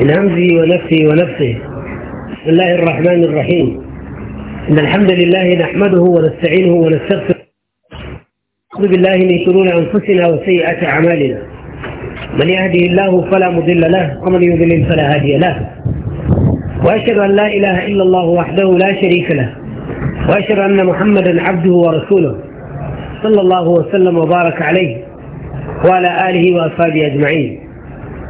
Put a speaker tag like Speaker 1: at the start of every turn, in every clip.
Speaker 1: من همزه ونفسه ونفسه بسم الله الرحمن الرحيم إن الحمد لله نحمده ونستعينه ونستغفره نعوذ بالله من شرور أنفسنا وسيئات أعمالنا من يهده الله فلا مضل له ومن يضلل فلا هادي له وأشهد أن لا إله إلا الله وحده لا شريك له وأشهد أن محمدا عبده ورسوله صلى الله وسلم وبارك عليه وعلى آله وأصحابه أجمعين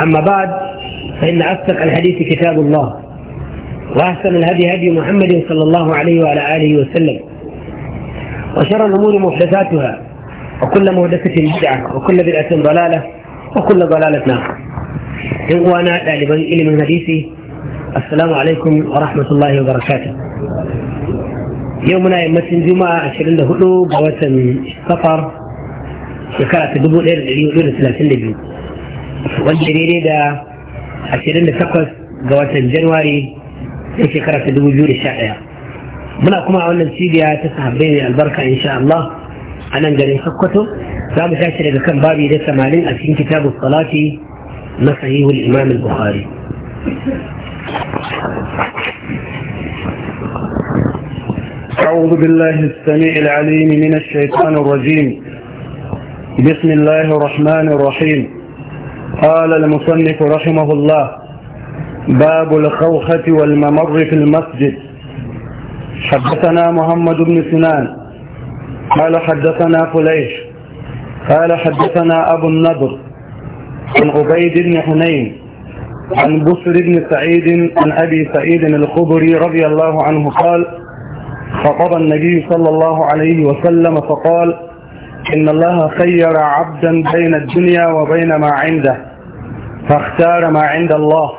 Speaker 1: أما بعد فإن أصدق الحديث كتاب الله وأحسن الهدي هدي محمد صلى الله عليه وعلى آله وسلم وشر الأمور محدثاتها وكل محدثة بدعة وكل بدعة ضلالة وكل ضلالة نار إخوانا إلي علم الحديث السلام عليكم ورحمة الله وبركاته يومنا يمتن جمعة عشرين لهدو بوتن سفر شكرا تدبو الإير الثلاثين لبيو wanda daidai da ashirin da takwas ga watan januwari na shekara ta dubu biyu da sha ɗaya muna kuma a wannan cibiya ta sahabbai mai albarka insha Allah a nan garin Sokoto za mu tashi daga kan babi da samanin a cikin kitabu salati na sahihul imam al-bukhari
Speaker 2: أعوذ بالله السميع العليم من الشيطان الرجيم بسم الله الرحمن الرحيم قال المصنف رحمه الله باب الخوخة والممر في المسجد حدثنا محمد بن سنان قال حدثنا فليش قال حدثنا أبو النضر عن عبيد بن حنين عن بصر بن سعيد عن أبي سعيد الخبري رضي الله عنه قال خطب النبي صلى الله عليه وسلم فقال إن الله خير عبدا بين الدنيا وبين ما عنده فاختار ما عند الله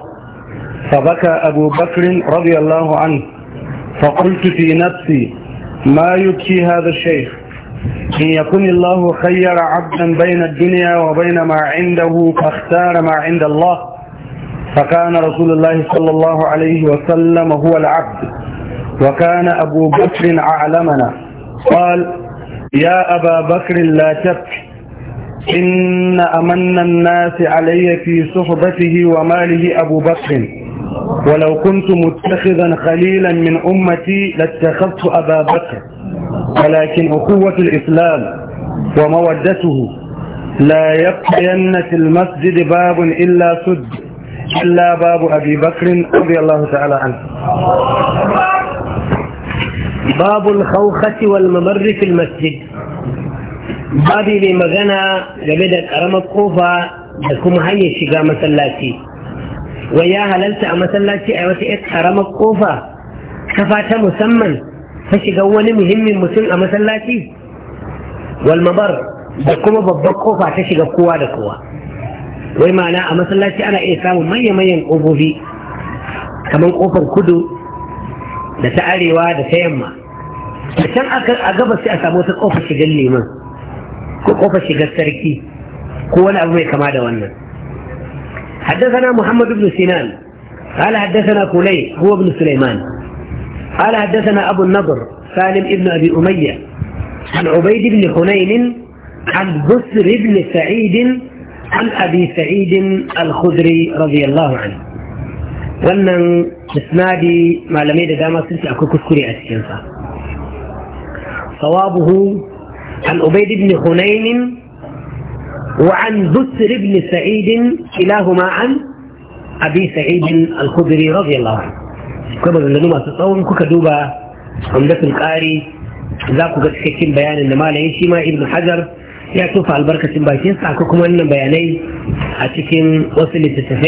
Speaker 2: فبكى أبو بكر رضي الله عنه فقلت في نفسي ما يبكي هذا الشيخ إن يكن الله خير عبدا بين الدنيا وبين ما عنده فاختار ما عند الله فكان رسول الله صلى الله عليه وسلم هو العبد وكان أبو بكر أعلمنا قال يا أبا بكر لا تبك إن أمن الناس علي في صحبته وماله أبو بكر ولو كنت متخذا خليلا من أمتي لاتخذت أبا بكر ولكن أخوة الإسلام ومودته لا يبقين في المسجد باب إلا سد إلا باب أبي بكر رضي الله تعالى عنه
Speaker 1: باب haukati والممر في المسجد babi mai magana game da ƙaramar kofa da kuma hanyar shiga masallaci wai ya halarta a masallaci a wata 'yar ƙaramar kofa kafa ta musamman ta shiga wani muhimmin mutum a masallaci walmabar da kuma babbar kofa ta shiga kowa da kowa wai ma'ana a masallaci ana iya samun manya-manyan ƙofofi kamar ƙofar kudu da ta arewa da ta yamma kan a gabas sai a samu wata kofar shigar neman ko kofar shigar sarki ko حدثنا محمد بن سنان قال حدثنا كولي هو بن سليمان قال حدثنا ابو النضر سالم ابن ابي اميه عن عبيد بن حنين عن بسر بن سعيد عن ابي سعيد الخدري رضي الله عنه ولن اسنادي ما لم يدد ما سنتي اكو كسكري اسكنصار صوابه عن أبيد بن خنين وعن بسر بن سعيد كلاهما عن أبي سعيد الخدري رضي الله عنه كما لأنه ما تتصور كوكا دوبا عمدة القاري ذاك قد كتن بيان إنما لأي شيء ما ابن حجر يا توفى البركة bakin ساكوكم أن بياني أتكين وصل a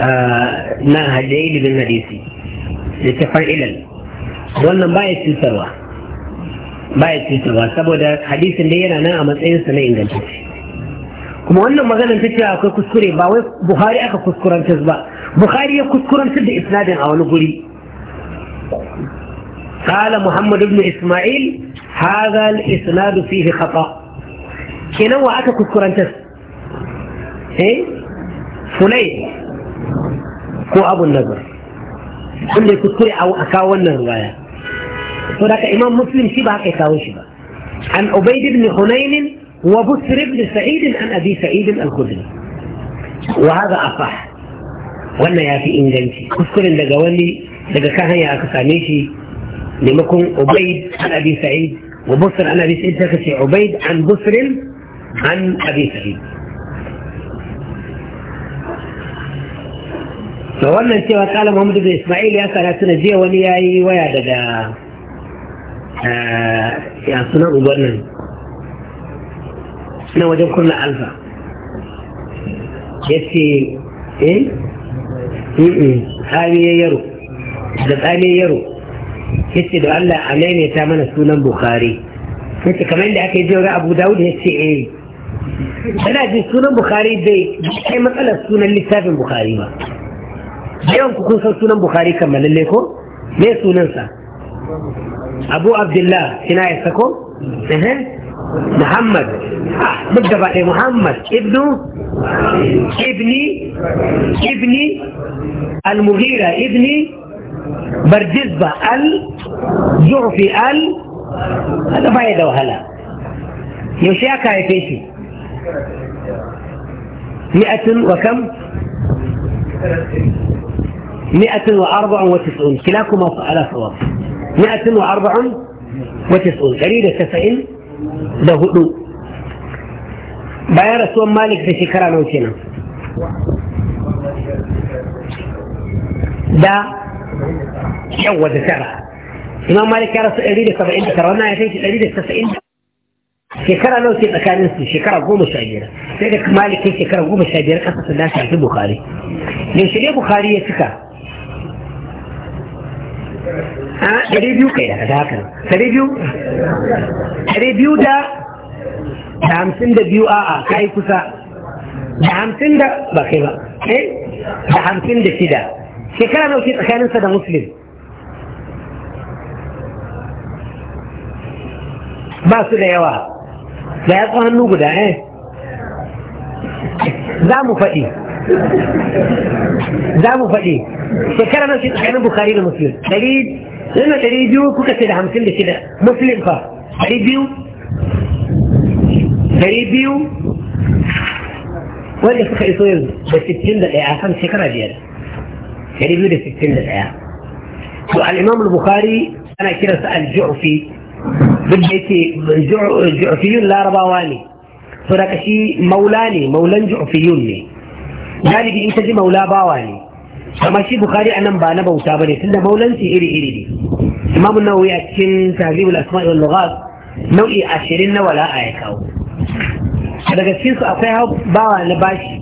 Speaker 1: آه نا هجيل بن نديسي bin hadisi littattafan ilal ba ya cuta ba saboda hadisin da yana nan a matsayin sa na inganta kuma wannan magana ta cewa akwai kuskure ba wai buhari aka kuskuranta ba buhari ya kuskurantar da isnadin a wani guri kala muhammad ibn isma'il hagal isnadu fihi khata kenan wa aka kuskuranta eh sunai ko abun nazar kun da kuskure a kawo wannan riwaya هناك إمام مسلم شبه كيكا وشبه عن أبيد بن حنين وبسر بن سعيد عن أبي سعيد الخدري وهذا أصح وأنا يا في إنجلتي أذكر إن دقوالي يا أكساميشي لمكن أبيد عن أبي سعيد وبسر عن أبي سعيد تكسي أبيد عن بسر عن أبي سعيد فوالنا انت قال محمد بن إسماعيل يا سلاتنا جي ولياي ويا دقا Eh, ya suna uban nan na wajen kunna alfa ya ce eh tsamiye yaro da tsamiye yaro ya ce da Allah a ta mana sunan Bukhari ya ce kamar da aka yi jira Abu Dawud ya ce eh yana jin sunan Bukhari bai kai matsalar sunan littafin Bukhari ba yawan ku san sunan Bukhari kan malalle ko me sunansa أبو عبد الله كناية sako محمد بالضبط محمد ابنه ابني ابني المغيرة ابني برجزبة الجعفي ال هذا فايدة وهلا يوشيكا أكا يفيشي مئة وكم مئة وأربع وتسعون كلاكما على صواب مئة وأربع وتسعون جريدة سفائل ده هدو بايرة سوى مالك في شكرا نوشينا دا شوى دسارة إمام مالك يا رسول أريد سفائل دسارة وانا يتيج أريد سفائل شكرا نوشينا كان نسي شكرا قوم شاجرة سيدك مالك شكرا قوم شاجرة قصص الناس عن بخاري لو شريه بخاري يتكا a ɗari biyu kai daga haka ɗari biyu ɗari biyu da da hamsin da biyu a'a kai kusa da hamsin da ba kai ba eh? da hamsin da shida shekara nauke tsakaninsa da musulun ba su da yawa da ya hannu guda eh za mu faɗi za mu faɗi shekara nan tsakanin bukari da musulun لما تريدو كتير هم كل كده مسلم فا تريدو تريدو ولا فخ يصير بس تجند يا أهم سكرة ديال تريدو بس تجند يا سؤال الإمام البخاري أنا كده سأل جعفي بالبيت جعفيون لا رباواني فرق شيء مولاني مولان جعفيوني قال لي انت دي مولا باواني amma shi bukari a nan ba na bauta ba ne tunda maulansu iri-iri ne imamun nawawi a cikin tarihi tazibul asma'i wal lughat nau'i ashirin na wala'a ya kawo daga cikin su akwai bawa na bashi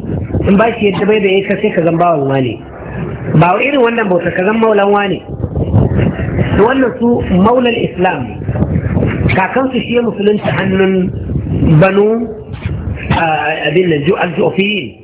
Speaker 1: in bashi yadda bai da ya sai ka zan bawan wani ba irin wannan bauta ka zan maulan wani wannan su maulan islam kakansu shi musulunta hannun banu abin nan ju'al ju'ofiyin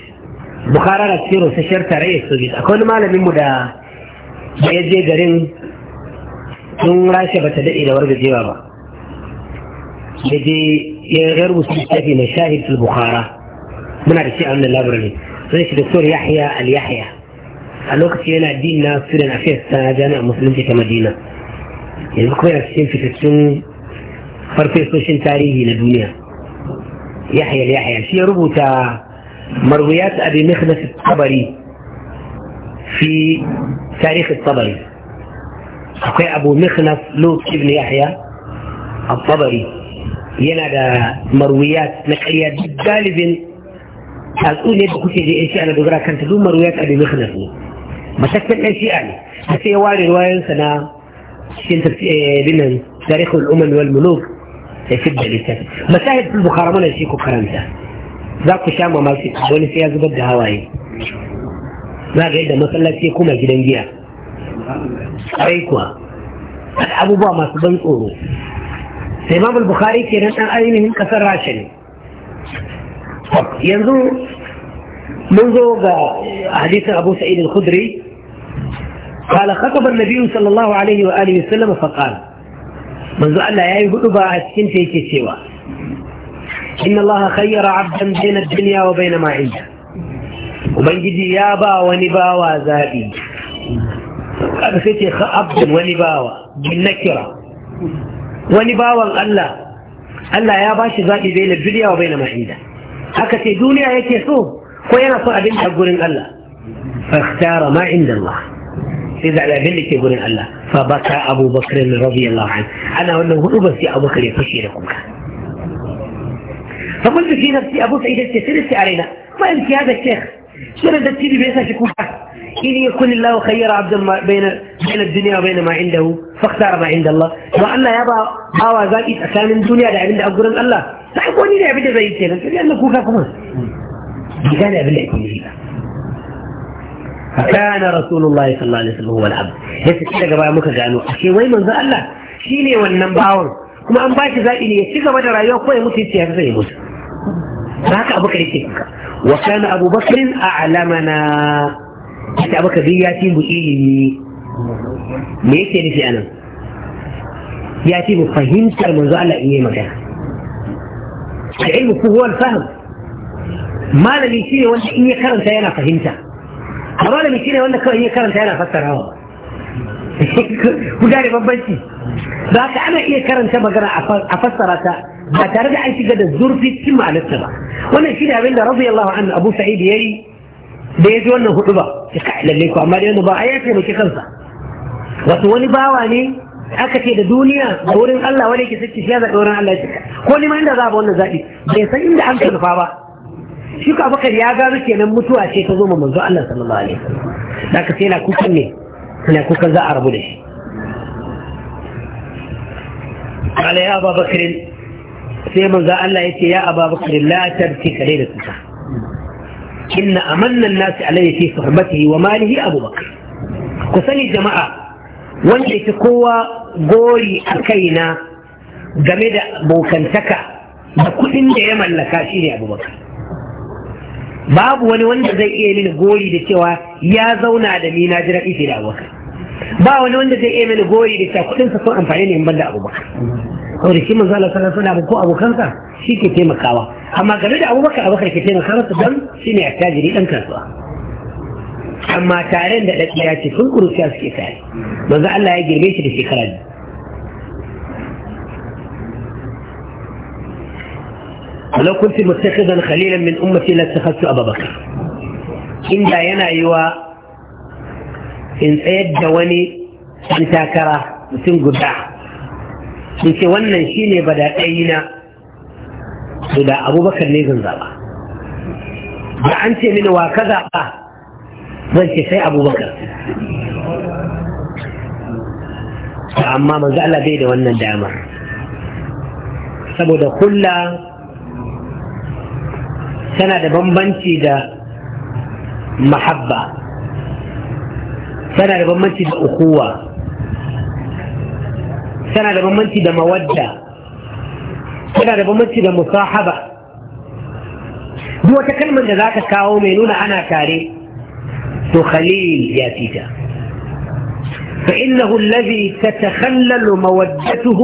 Speaker 1: bukara da cikin rusasshiyar tarayyar soviet akwai wani malaminmu da ya je garin tun rasha ba ta daɗe da wargajewa ba ya je ya rubuta littafi mai shahid fil bukhara muna da shi a wannan labarin sai shi doktor yahya al yahya a lokaci yana din na student affairs ta jami'ar musulunci ta madina yanzu kuma yana cikin fitattun farfesoshin tarihi na duniya yahya al yahya shi ya rubuta مرويات أبي مخنف الطبري في تاريخ الطبري أخي أبو مخنف لوط بن يحيى الطبري ينادى مرويات نقلية غالبا الأولى بكتي دي إيشي أنا بقرأ كانت دون مرويات أبي مخنف ما تكتب إيشي يعني بس هي واري رواية سنة إيه، تاريخ الأمم والملوك إيه، في الدليل مساهد في البخارة من الشيكو كرمتها za ku sha mamaki wani sai ya zubar da hawaye za ga yadda masallaci kuma gidan giya
Speaker 3: ai kuwa
Speaker 1: abubuwa masu ban tsoro sai imam al-bukhari ke nan ainihin kasar rasha ne yanzu mun zo ga hadisin abu sa'id al-khudri قال خطب النبي صلى الله عليه وآله وسلم فقال منذ أن لا يهدب أسكن في كسوى إن الله خير عبدا بين الدنيا وبين ما عنده وبنجدي يابا ونباوا زادي أرفتي عبد ونبا بالنكرة ونبا الله الله يا باش زادي بين الدنيا وبين ما عنده هكذا دنيا يتيسو كوينا صعب انت قولين الله فاختار ما عند الله إذا على بلك يقولين الله فبكى أبو بكر رضي الله عنه أنا أقول له أبسي أبو بكر يفشي لكم كان فقلت في نفسي أبو سعيد التسرس علينا ما يمشي هذا الشيخ شرد التيلي بيسا شكوحة إن يكون الله خير عبدا بين بين الدنيا وبين ما عنده فاختار ما عند الله وأن يضع باوا ذلك أسان الدنيا لا عند أقول الله لا يكون عبد زي التيلي لأنه كوكا كمان كان عبد الله يكون فكان رسول الله صلى الله عليه وسلم هو العبد ليس كده بقى muka gano ashe wai manzo الله شيني wannan كما kuma an ba shi zaɓi ne ya ci gaba da haka abu kare ke kanka wa kana abu bakrin a'lamana ita abu kabir ya fi mu ilimi me yake nufi nan? ya fi mu fahimtar manzo Allah in yi magana al-ilmu huwa al-fahm malami shine wanda in ya karanta yana fahimta A malami shine wanda kawai in ya karanta yana fassarawa ku gane bambanci da haka ana iya karanta magana a fassara ta ba tare da an shiga da zurfi cikin ma'anarsa ba wannan shi ne abin da radiyallahu an abu sa'id yi da ya ji wannan hudu ba ya ka lalle ko amma da yanzu ba a ya taimaki kansa wato wani bawa ne aka ce da duniya a wurin Allah wani ke sake shi ya zaɓi wurin Allah ko ni ma inda za a wannan zaɓi bai san inda an karfa ba shi ka bakar ya gano kenan mutuwa ce ta zo ma manzo Allah sallallahu alaihi wasallam da ka sai na kukan ne na kukan za a rabu da shi قال يا أبا بكر sai manzo Allah yake ya Abubakar la tabki kalil da kuka inna amanna an-nas alayhi fi sahbatihi wa malihi Abubakar ku sani jama'a wanda yake kowa gori a kaina game da bokantaka da kudin da ya mallaka shi ne Abubakar babu wani wanda zai iya mini gori da cewa ya zauna da ni na jira ifi da Abubakar ba wani wanda zai iya mini gori da cewa kudin sa sun amfani ne in banda Abubakar kawai da shi manzo Allah sallallahu alaihi wasallam ko abokansa shi ke taimakawa amma game da abubakar abubakar ke taimaka masa don shi ne attajiri dan kasuwa amma taren da ɗaɗɗiya ce sun kuruciya suke tare manzo Allah ya girbe shi da shekara biyu ولو كنت متخذا خليلا من امتي لاتخذت ابا بكر ان دا yana yiwa in tsayar da wani an takara mutum guda yace wannan shine badaɗayi na to da abubakar ne zan zaɓa da an ce mini wa ka zaɓa zan ce sai abubakar amma manzo Allah bai da wannan damar saboda kulla tana da bambanci da mahabba tana da bambanci da ukuwa tana da bambanci da mawadda tana da bambanci da musahaba duk wata kalmar da za ka kawo mai nuna ana tare to khalil ya fita فإنه الذي تتخلل مودته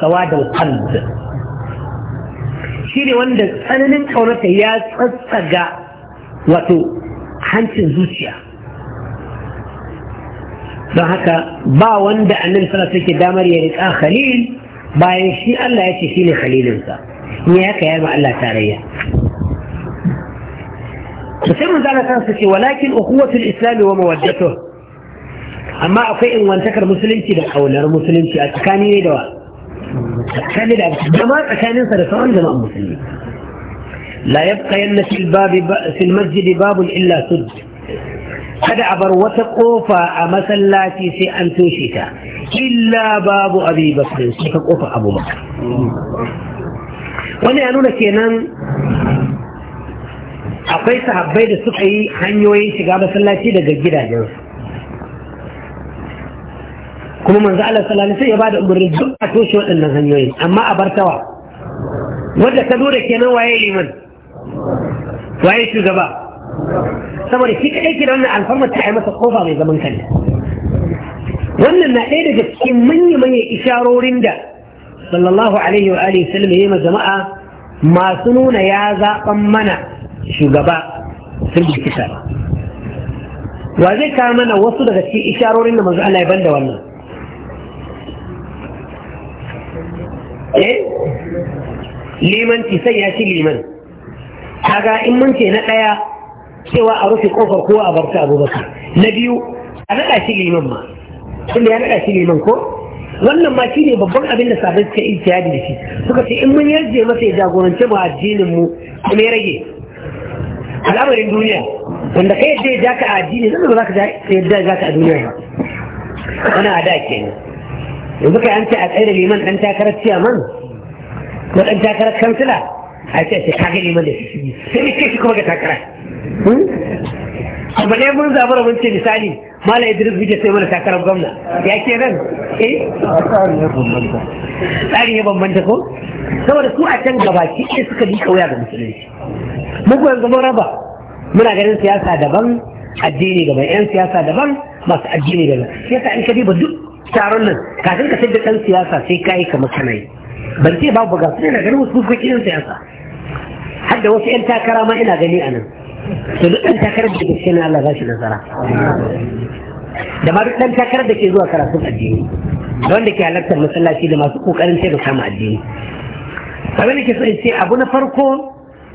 Speaker 1: سواد القلب شيني وندس أنا نمكن يا تصدق وتو حنش الزوجيه don haka ba wanda annabi sallallahu alaihi wasallam damar ya rika khalil bayan shi Allah ya ce shi ne khalilinsa ne haka ya ma Allah tarayya to sai mun zana kansa ce walakin ukhuwatul islam wa mawaddatuh amma akwai in wantakar musulunci da kaunar musulunci a tsakani ne da wa tsakani da amma tsakanin sa da sauran jama'an musulmi la yabqa yanna fil الباب fil masjid babun illa sudd kada a bar wata kofa a masallaci sai an toshe ta illa babu abi bakr sai ka kofa abu bakr wannan ya nuna kenan akwai sahabbai da suka yi hanyoyin shiga masallaci daga gidajensu kuma manzo Allah sallallahu alaihi ya bada umarni duk a toshe waɗannan hanyoyin amma a bar tawa wanda ta zo da kenan waye liman waye shugaba saboda shi kaɗai ke da wannan alfarmar ta yi masa kofa mai zaman kanta wannan na ɗaya daga cikin manya-manyan isharorin da sallallahu alaihi wa alihi sallam ya yi jama'a masu nuna ya zaɓan mana shugaba sun bi kisa wa zai kawo mana wasu daga cikin isharorin da manzo Allah ya banda wannan eh liman sai ya ci liman kaga in mun ce na ɗaya سوى أرثي قفر كوى أبرت أبو بكر نبيو أنا أسيلي مما كل أنا أسيلي منكو وأنا ما أسيلي ببقى أبنى سابس كإن تياد لسي فقط إما يزي ما سيدا قولن تبع الدين مو كم يرجي الأمر الدنيا عند كي يدي جاك الدين لن يبقى يدي جاك الدنيا أنا أدائك يعني يبقى أنت أتعير الإيمان أنت أكرت سيامان وأنت أكرت خمسلا أنت أتعير الإيمان لسي سيدي كيف يكون أكرت Hmm? abu ne mun zaɓi rabin ce misali mala idris bije sai mana takarar gwamna ya ke nan eh tsarin ya bambanta ko saboda su a can gabaki ɗaya suka bi kauya ga musulunci muku yanzu mun raba muna ganin siyasa daban addini gaba yan siyasa daban masu addini daban siyasa in ka diba duk taron nan kafin ka sai da ɗan siyasa sai ka yi kamar kana yi ban ce babu ga su ne na ganin wasu kuka yin siyasa har da wasu 'yan takara ma ina gani a nan to takar takarar da gaske na Allah za shi nasara da ma duk dan takarar da ke zuwa karatun addini da wanda ke halartar masallaci da masu ƙoƙarin sai da kama addini abin da ke so ce abu na farko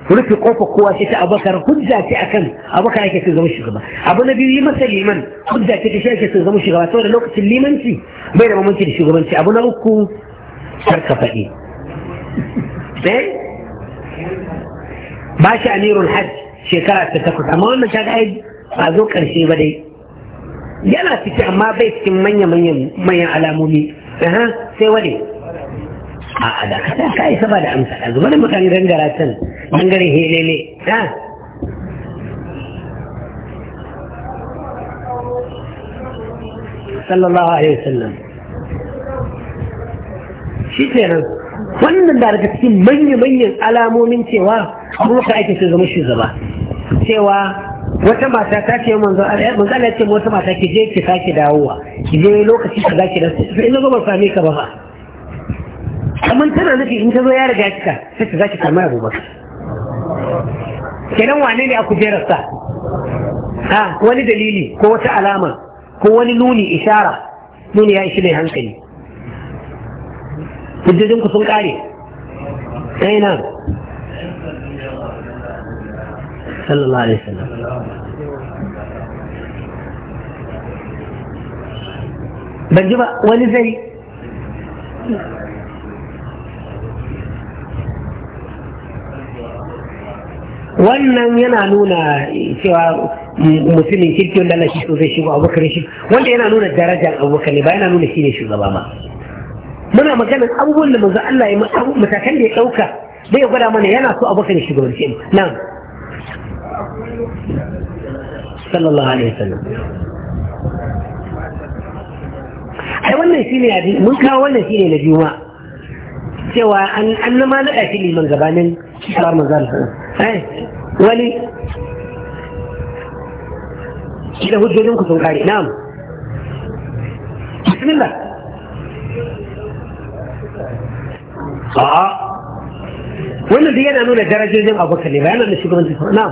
Speaker 1: rufe kofa kowa sai ta abakar hujja ce akan abakar ake so zama shugaba abu na biyu yi masa liman hujja ce ta shi ake so zama shugaba saboda lokacin limanci bai da mamanci da shugabanci abu na uku sarka faɗi eh? ba shi amirul hajj shekara ta takwas amma wannan ta ga ba zo karshe ba dai yana ciki amma bai cikin manya manyan alamomi sai wani a da ka yi kai saba da amsa a zubar mutane gangara can gangare helele ha sallallahu alaihi wasallam shi kenan wannan da daga cikin manya-manyan alamomin cewa abubakar ake sai zama shugaba cewa wata mata ta ce manzo Allah ce wata mata ki je ki sake dawowa ki je lokaci ka zaki da sai zo ba same ka ba fa amma tana nufi in ta zo ya riga kika sai ki zaki kama abubakar kenan wane ne a kujerar sa ha wani dalili ko wata alama ko wani nuni ishara nuni ya ishi mai hankali hujjojin ku sun kare sai eh,
Speaker 3: sallallahu alaihi wasallam
Speaker 1: ban ji ba wani zai wannan yana nuna cewa musulmin kirki wanda na shi so zai shigo abubakar shi wanda yana nuna darajar abubakar ne ba yana nuna shi ne shugaba ba muna maganar abubuwan da manzo Allah ya matakan da ya dauka da ya gwada mana yana so abokan shugabanci nan sallallahu alaihi wasallam ai wannan shine ya mun kawo wannan shine na juma cewa an an ma nada shi liman gabanin shawar manzo Allah ai wani shi da hujjojin ku sun kare na'am bismillah
Speaker 2: a'a
Speaker 1: wannan duk yana nuna darajojin abokan ne ba bayanan da shugabanci na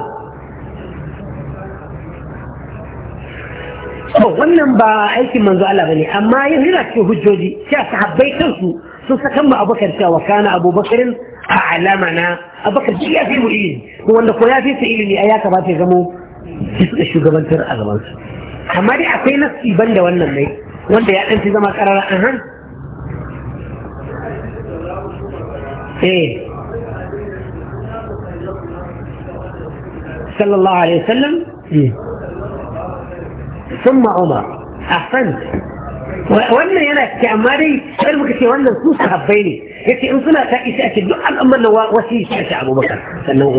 Speaker 1: to wannan ba aikin manzo Allah bane amma yin yana cikin hujjoji sai sahabbai kansu sun saka mu abokan cewa kana abubakarin a a'lamana abubakar shi ya fi mu ilimi ko wanda ko ya fi su ilimi ai ya kamata ya zamo shugabantar a gaban su amma dai akwai nasi ban da wannan mai wanda ya dan fi zama karara an eh صلى الله عليه وسلم ثم عمر أحسنت yana ciki amma dai sai muka su sahabbai ne yace in suna ta isa ake duk al'ummar nan wasu shi ta Abubakar sannan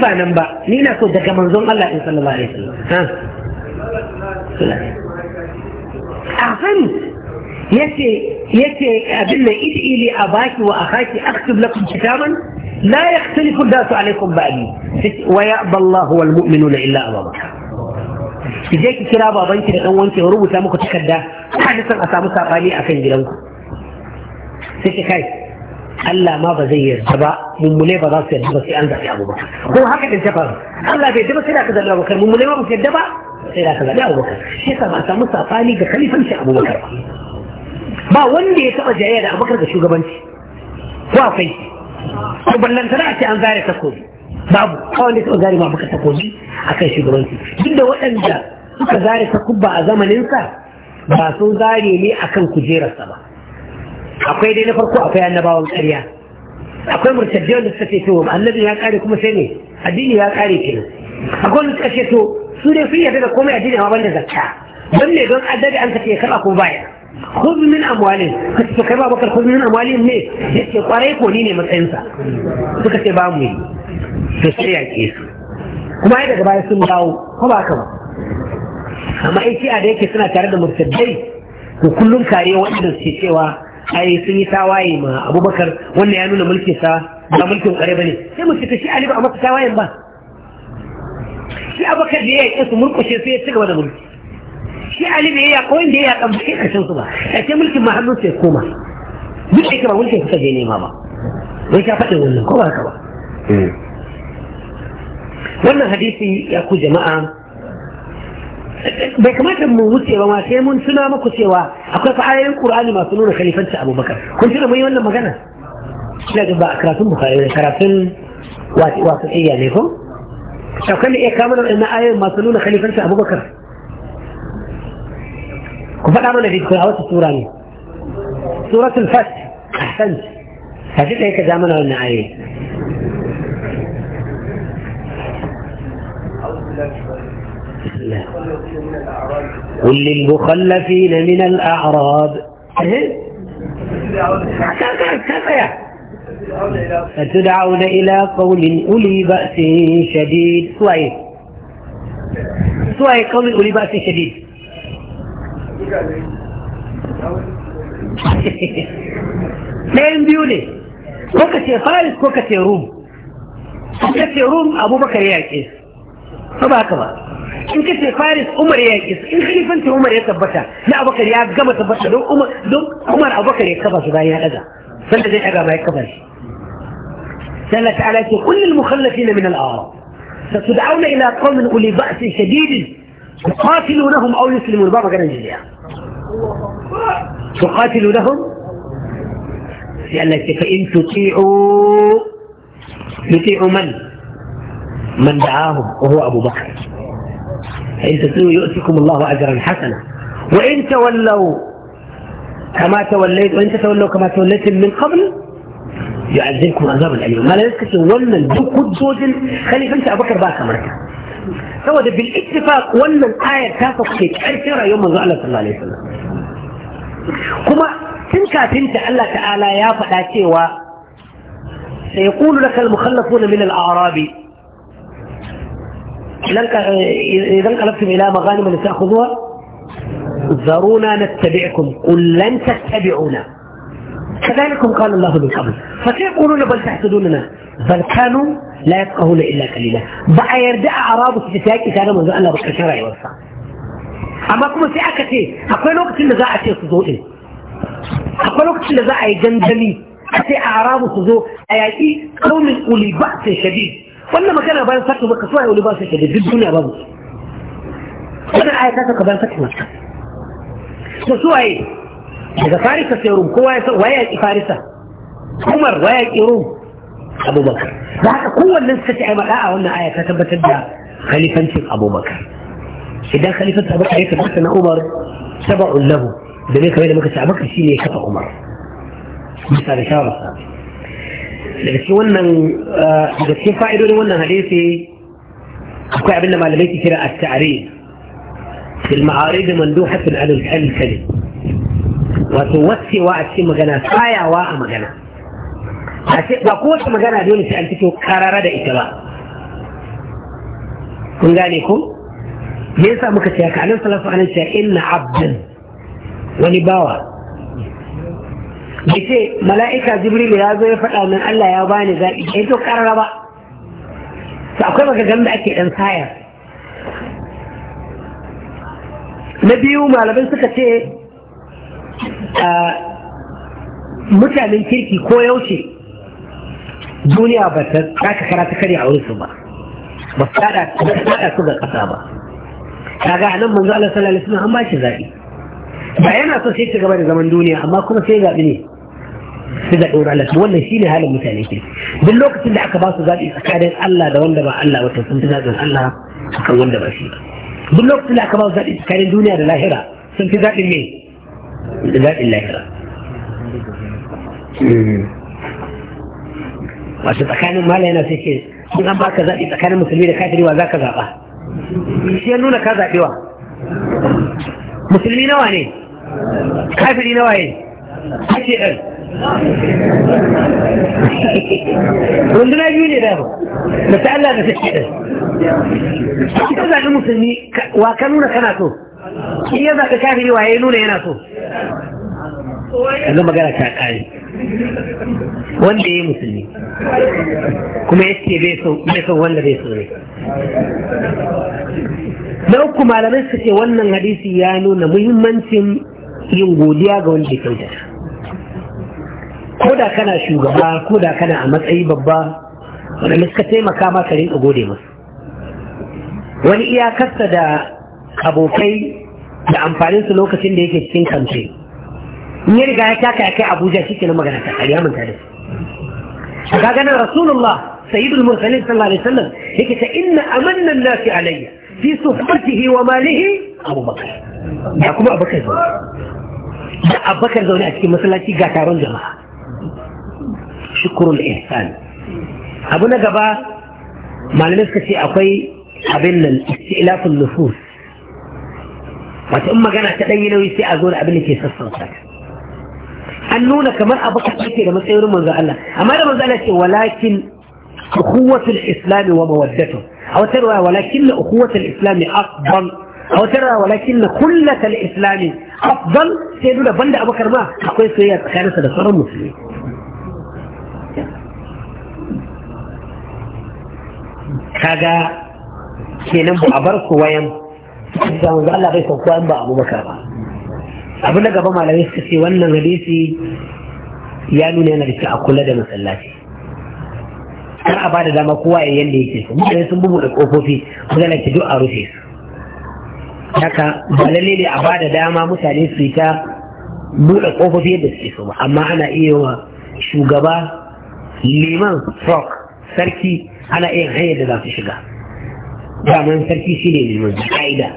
Speaker 1: ba nan ba sallallahu
Speaker 3: alaihi
Speaker 1: يتي يتي أبنا إتئي لأباك وأخاك أكتب لكم كتابا لا يختلف الناس عليكم بأبي ويأبى الله والمؤمنون إلا أبا بكر إجيك كلابا ضيتي لأوانك وروب سامك تكدا حدثا أسامك أقالي أفين جلوك سيكي خاي الله ما بزير سبا من مليبا راسي الدبس أنزع يا أبو بكر هو هكذا الجفر الله في الدبس لا كذا أبو بكر من مليبا راسي الدبا لا كذا لا أبو بكر حسن أسامك أقالي بخليفة أبو بكر ba wanda ya taɓa jayayya da abokar da shugabanci ko akwai ko ballantana a ce an zare takobi babu ba wanda ya taɓa zare ma abokar takobi a kan shugabanci duk da waɗanda suka zare takubba a zamaninsa ba sun zare ne a kan kujerarsa ba akwai dai na farko akwai annabawan ƙarya akwai murtaddiyar da suka ce to annabi ya kare kuma sai ne addini ya kare kenan akwai wanda suka ce to su dai sun yarda da komai addini amma ban da zakka don ne don addadi an ka ce ya karɓa ko baya خذ من أموالهم فكيف أبو بكر خذ من أموالهم ليه؟ يسكي قريب وليني متعنسى فكيف باموي فسريع كيس kuma ai daga baya sun dawo ko ba haka amma ai a da yake suna tare da murtaddai to kullum kare wanda suke cewa ai sun yi tawaye ma abubakar wannan ya nuna mulkin sa ba mulkin kare bane sai mu ce ali ba a masa tawayen ba shi abubakar da ya yi su murkushe sai ya ci gaba da mulki shi ali bai ya ko inda ya kamshi karshen su ba ce mulkin ma hannun sai koma duk da kuma mulkin kuka je nema ba wai ka faɗin wannan ko ba ka ba hmm. wannan hadisi ya ku jama'a bai kamata mu wuce ba ma sai mun tuna muku cewa akwai fa'ayoyin qur'ani masu nuna khalifanci abubakar kun tuna mun yi wannan magana ina ga ba karatun bukhari karatun wasu iya ne ko shakwai da iya kamar da ayoyin masu nuna khalifanci abubakar كفار faɗa mana da a wata sura ne الفتح احسنت ahsan ka ji ولا ka
Speaker 3: اعوذ بالله من ayoyi
Speaker 1: قل للمخلفين من الأعراب إيه؟ فتدعون إلى قول أولي بأس شديد سوائي إيه؟ سوائي إيه قول أولي بأس شديد ɗayan biyu ne ko ka ce faris ko ka ce rum in ka ce rum abubakar ya yaƙe ba ba haka ba in ka ce faris umar ya yaƙe in kalifancin umar ya tabbata na abubakar ya gama tabbata don umar abubakar ya kafa su bayan ya ɗaga sanda zai ɗaga ma ya kafa shi سأل تعالى كل المخلفين من الأعراب ستدعون إلى قوم أولي بأس شديد تقاتلوا لهم أو يسلموا البابا قال الجزية لهم لأن فإن تطيعوا يطيعوا من من دعاهم وهو أبو بكر فإن تطيعوا يؤتكم الله أجرا حسنا وإن تولوا كما توليت وإن تولوا كما توليتم من قبل يعذبكم عذاب أليما ما لا يسكت ولا دو كود زوجين خلي بنت أبو بكر بقى مركز سوا ده بالاتفاق ولا الآية تفصيل عرف يرى يوم الزعلة صلى الله عليه وسلم كما تنكا تنتع الله تعالى يا فأتي و سيقول لك المخلصون من الأعرابي إذا انقلبتم إلى مغانم لتأخذوها ذرونا نتبعكم قل لن تتبعونا كذلكم قال الله من قبل فكيف يقولون بل تحسدوننا بل كانوا لا يفقهون إلا كلمه بقى يرجع أعرابه في تساك كان من الله بقى شرع يوسع أما كما في أكتي أقوى لوقت اللي زاعة في صدوئي أقوى لوقت اللي زاعة جندلي أتي أعرابه صدوء أيأتي قوم أولي بأس شديد وانا ما كان بين فتح مكة سواء أولي بأس شديد في الدنيا بابو وانا آية تاتك بين فتح مكة سوسوء أي إذا فارسة سيروم كوا ويا فارسة عمر ويا روم abu bakar da haka kowannen suka ce ai maɗa a wannan aya ta tabbatar da khalifancin abu bakar idan khalifancin abu bakar ya tabbata na umar saba'un lahu da ne kamar da muka ce abu bakar shine ya kafa umar bisa da shawararsa daga cikin wannan daga cikin fa'idodin wannan hadisi akwai abin da malamai ke kira at-ta'rif fil ma'arid manduhatun ala al-kalim wato wacewa a cikin magana tsayawa a magana ba kowace magana dole sai an fito karara da ita ba kun gane ku me yasa muka ce ka anan salafu anan ce inna abdan wani bawa bai ce mala'ika jibril ya zo ya faɗa min Allah ya bani zaɓi ya to karara ba to akwai maganganu da ake ɗan saya na biyu malamin suka ce ah, mutanen kirki ko yaushe duniya ba ta taka karata kare a wurinsu ba ba ta da su ga ƙasa ba ta ga nan manzo Allah sallallahu alaihi wasallam an ba shi zaɓi ba yana so sai ci gaba da zaman duniya amma kuma sai zaɓi ne sai da wurin Allah wannan shi ne halin mutane ke duk lokacin da aka ba su zaɓi tsakanin Allah da wanda ba Allah ba to sun fi zaɓin Allah akan wanda ba shi ba duk lokacin da aka ba su zaɓi tsakanin duniya da lahira sun fi zaɓin ne da zaɓin lahira
Speaker 3: hmm.
Speaker 1: wasu tsakanin mala yana sai ke sun an baka zaɓi tsakanin musulmi da kafiri wa za ka zaɓa shi ya nuna ka zaɓi wa. musulmi nawa ne kafiri nawa ne ake ɗan runduna biyu ne da da ta Allah da ta ke ɗan ta zaɓi musulmi wa ka nuna kana so shi ya zaɓi kafiri wa ya nuna yana so
Speaker 3: yanzu magana ta ƙare
Speaker 1: wanda ya yi musulmi kuma ya ce bai son wanda bai so ne na uku malamai su ce wannan hadisi ya nuna muhimmancin yin godiya ga wanda ya kyauta ko da kana shugaba ko da kana a matsayi babba wanda suka taimaka maka rinka gode masu wani iyakarsa da abokai da amfaninsu lokacin da yake cikin kamfe يرجع يتاكا يكا أبو جاشيك لما قلت لك اليامن تعرف أقاقنا رسول الله سيد المرسلين صلى الله عليه وسلم هيك إن أمن الناس علي في صحبته وماله أبو بكر
Speaker 4: أكما أبو بكر زوني
Speaker 1: لا أبو بكر زوني أتكي مثلا تي قاتارون جماعة شكر الإحسان أبونا قبا ما لنسك سي أخي أبن الاستئلاف النفوس وتأم قنا تدينوا يسي أزول أبنك يسسر ساكس an nuna kamar abu ka da matsayin manzo Allah amma da manzo Allah ce walakin ukhuwatul islam wa mawaddatu aw tarwa walakin ukhuwatul islam afdal aw tarwa walakin kullatul islam afdal sai dole banda abakar ma akwai soyayya tsakaninsa da sauran musulmi kaga kenan ba a bar su wayan da manzo Allah bai sauko an ba Abubakar ba abu na gaba malamai suka ce wannan hadisi ya nuna yana da a kula da masallaci kar a ba da dama kowa ya yanda yake su mutane sun bubu da kofofi magana ki duk a rufe su haka ba lalle ne a bada dama mutane su yi ta buɗe kofofi yadda suke so ba amma ana iya wa shugaba liman frog sarki ana iya hanyar da za su shiga daman sarki shine liman ka'ida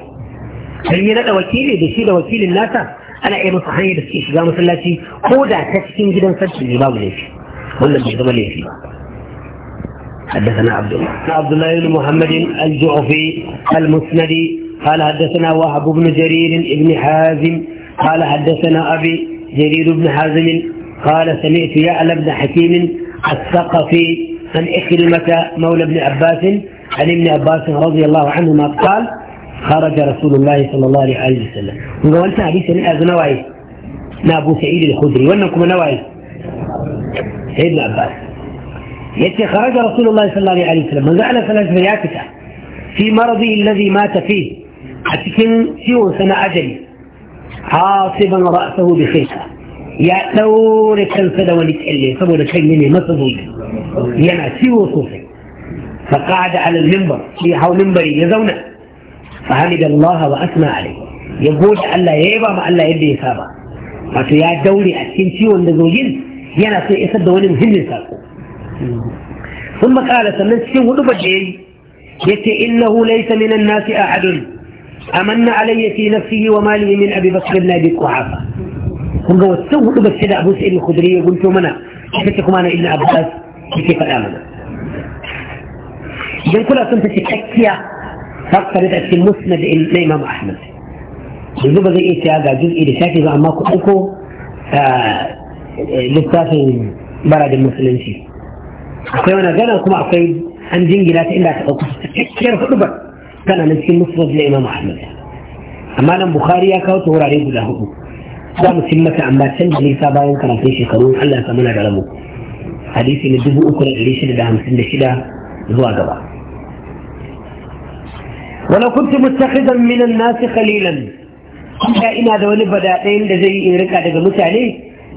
Speaker 1: sun yi naɗa wakili da shi da wakilin nasa ana iya musu hanyar da suke shiga masallaci ko da ta cikin gidan sarki ne babu laifi wannan bai zama laifi ba حدثنا عبد الله عبد الله بن محمد الجعفي المسندي قال حدثنا وهب بن جرير بن حازم قال حدثنا ابي جرير بن حازم قال سمعت يعلى بن حكيم الثقفي عن اكرمك مولى بن عباس عن ابن عباس رضي الله عنهما قال خرج رسول الله صلى الله عليه وسلم من قولت حديث من أذو نوعي نابو سعيد الخدري وأنكم نوعي سيد العباس يتي خرج رسول الله صلى الله عليه وسلم من زعل ثلاث فرياتك في مرضي الذي مات فيه حتى أتكن سيو سنة أجل حاصبا رأسه بخيشة يا تور كنسد ونتألي فبولا كنيني مصدوك ينا سيو صوفي فقعد على المنبر في حول منبري يزونه فحمد الله واثنى عليه يقول الله يبا ما الله يدي يسابا فتو يا دولي اتنتي وان دزوجين يانا سي اسد وانين هن يساقو ثم قال سمن سي ودو بجي يتي انه ليس من الناس احد امن علي في نفسه وماله من ابي بكر بن ابي قحافه هم قالوا سو ودو بجي دا ابو سعيد الخدري يقول تو منا كيفتكم انا الا ابو سعيد كيف قال امنا يقول اصلا تتكيا حتى بدات في المسند لامام احمد جزء زي ايش هذا جزء اللي شاكي زعما كوكو لساتي برد المسلم شي اخي انا قال لكم اخي ان جنجي لا تقل لا تقل كثير كان من في المسند لامام احمد اما انا بخاري اكا وتورا ليه بلا هو لا مسمى كأما سنجي ليسا باين كان في شي قانون الله كمنا قلمه حديثي ندبو اكل اللي دهام سنجي شده هو ولو كنت متخذا من الناس خليلا إذا هذا ذولي بدائين لزي إن ركع دقى متعني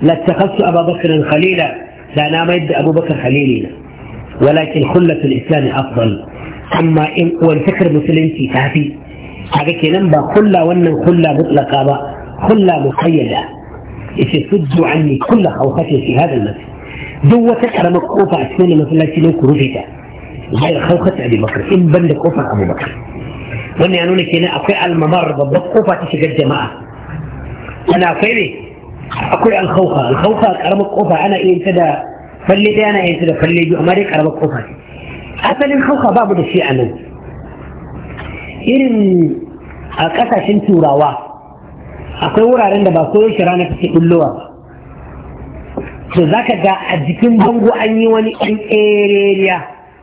Speaker 1: لاتخذت أبا بكر خليلا لا أنا ما يبدأ أبو بكر خليلي ولكن خلة الإسلام أفضل أما إن والفكر في تافي هذا كلام خلة وأن خلة مطلقة با خلة مقيدة يسد عني كل خوفتي في هذا المسجد دو تكر مقوفة أسنان مثلا لو كروفيتا غير خوخة أبي بكر إن بند كوفة أبو بكر wannan ya nuna kenan akwai almamar babbar kofa ta shigar jama'a ana akwai ne akwai alkhauka alkhauka karamar kofa ana iya ta da falle ɗaya ana iya ta da falle biyu amma dai karamar kofa ce asalin hauka babu mu da shi a nan irin a kasashen turawa akwai wuraren da ba so yaushe rana take bullowa ba to zaka ga a jikin bango an yi wani ɗan area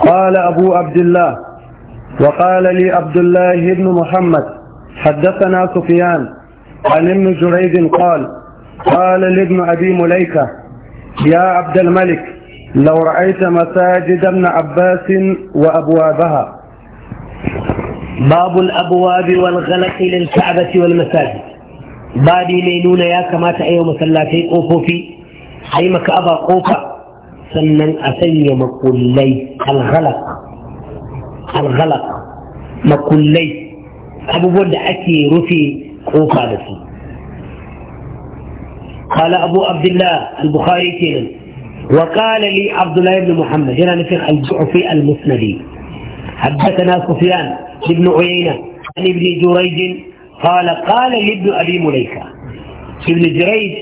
Speaker 2: قال أبو عبد الله وقال لي عبد الله بن محمد حدثنا سفيان عن ابن جريج قال قال لابن أبي مليكة يا عبد الملك لو رأيت مساجد ابن عباس
Speaker 1: وأبوابها باب الأبواب والغلق للكعبة والمساجد بادي لينون يا كما تأيو مسلاتي قوفو في أي مكأبا قوفا sannan a sanya makullai الغلق alghalaq makullai abubuwan da ake rufe kofa da su قال أبو عبد الله البخاري كينا وقال لي عبد الله بن محمد هنا نفخ الجعفي المسندي حدثنا سفيان بن عيينة عن ابن جريج قال قال لابن أبي مليكة ابن جريج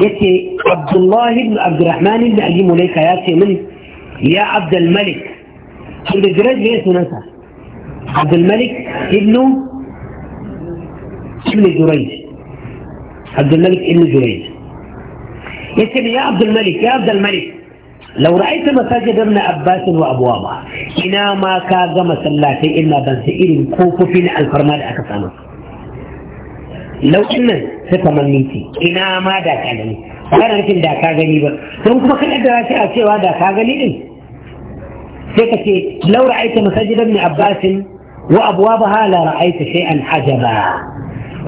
Speaker 1: بيتي عبد الله بن عبد الرحمن بن عليم وليك يا من يا عبد الملك عبد الجراج بيت نفسه عبد الملك ابنه ابن جريج عبد الملك ابن جريج يتم يا عبد الملك يا عبد الملك لو رأيت مساجد ابن عباس وأبوابها إنا ما كاغ مسلاتي إلا بنسئل كوف في الفرمال أكثر لو إنه ta tamanni ce ina ma da ka gani ba rikin da ka gani ba don kuma ka kaddara shi a cewa da ka gani din sai ka ce law ra'aita masajidan ibn abbas wa abwabaha la ra'aita shay'an ajaba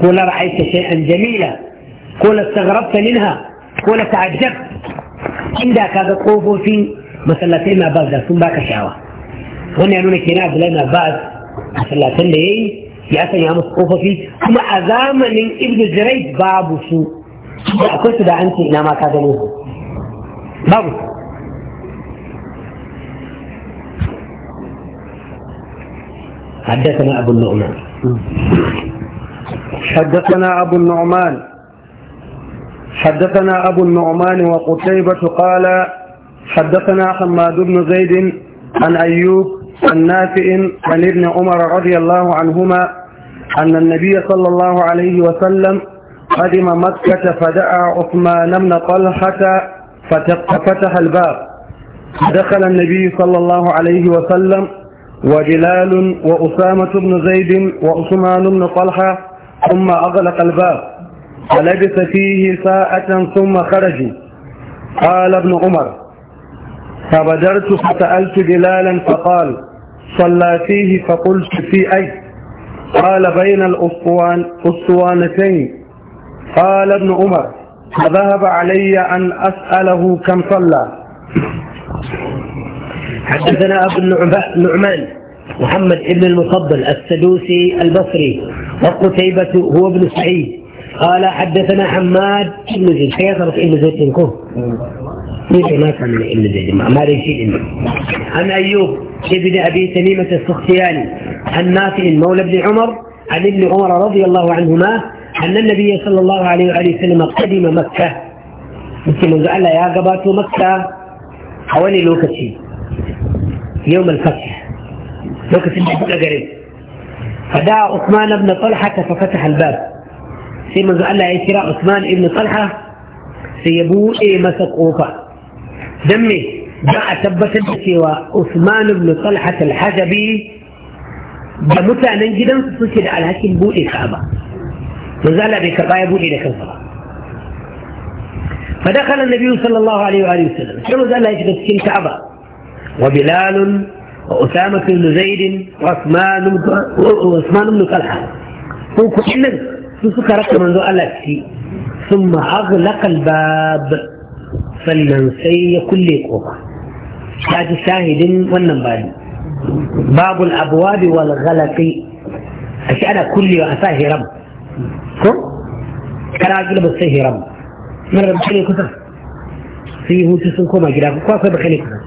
Speaker 1: ko la ra'aita shay'an jamila ko la istaghrabta minha ko la ta'ajjabta inda ka ga kofofin masallatai na ba da sun baka sha'awa wannan ya nuna kenan abdullahi na ba masallatan da yayi ya sanya musu kofofi kuma a zamanin ibn jirai babu su da akwai su da an ce ina ma ka gane su babu
Speaker 4: حدثنا أبو النعمان
Speaker 2: حدثنا أبو النعمان حدثنا أبو النعمان وقتيبة قال حدثنا حماد بن زيد عن أيوب عن نافع عن ابن عمر رضي الله عنهما أن النبي صلى الله عليه وسلم قدم مكة فدعا عثمان بن طلحة ففتح الباب دخل النبي صلى الله عليه وسلم وجلال وأسامة بن زيد وعثمان بن طلحة ثم أغلق الباب فلبث فيه ساعة ثم خرج قال ابن عمر فبدرت فسألت بلالا فقال صلى فيه فقلت في أي قال بين الأسطوان أسطوانتين قال ابن عمر فذهب علي أن أسأله
Speaker 1: كم صلى حدثنا أبو النعمان محمد بن المفضل السدوسي البصري وقتيبة هو ابن سعيد قال حدثنا حماد بن زيد حياة بن زيد ليس ما كان من زيد ما ليش علم عن أيوب ابن أبي تميمة السختياني عن نافع مولى بن عمر عن ابن عمر رضي الله عنهما أن النبي صلى الله عليه وآله وسلم قدم مكة مثل منذ قال يا قبات مكة حوالي لوكتي يوم الفتح لوكتي بقى قريب فدعا عثمان بن طلحة ففتح الباب في منذ يا عثمان بن طلحة سيبوء مسك أوفا دمي جاء تبت بشي وعثمان بن طلحة الحجبي بمتى ننجد أن تصدر على هكي بوئي كعبة وزال بك باية بوئي لك الصلاة فدخل النبي صلى الله عليه وآله وسلم شو زال هكي تسكين كعبة وبلال وأسامة بن زيد وعثمان وعثمان بن طلحة وكل من سكرت منذ ألف ثم أغلق الباب sannan sai ya kulle kofa ta ji shahidin wannan bani babul abuwabi wal ghalaqi a shi ana kulle a sa hiram ko kana gilba sai hiram mun rabu ne kusa sai yi hutu sun koma gida ko akwai baka ne kusa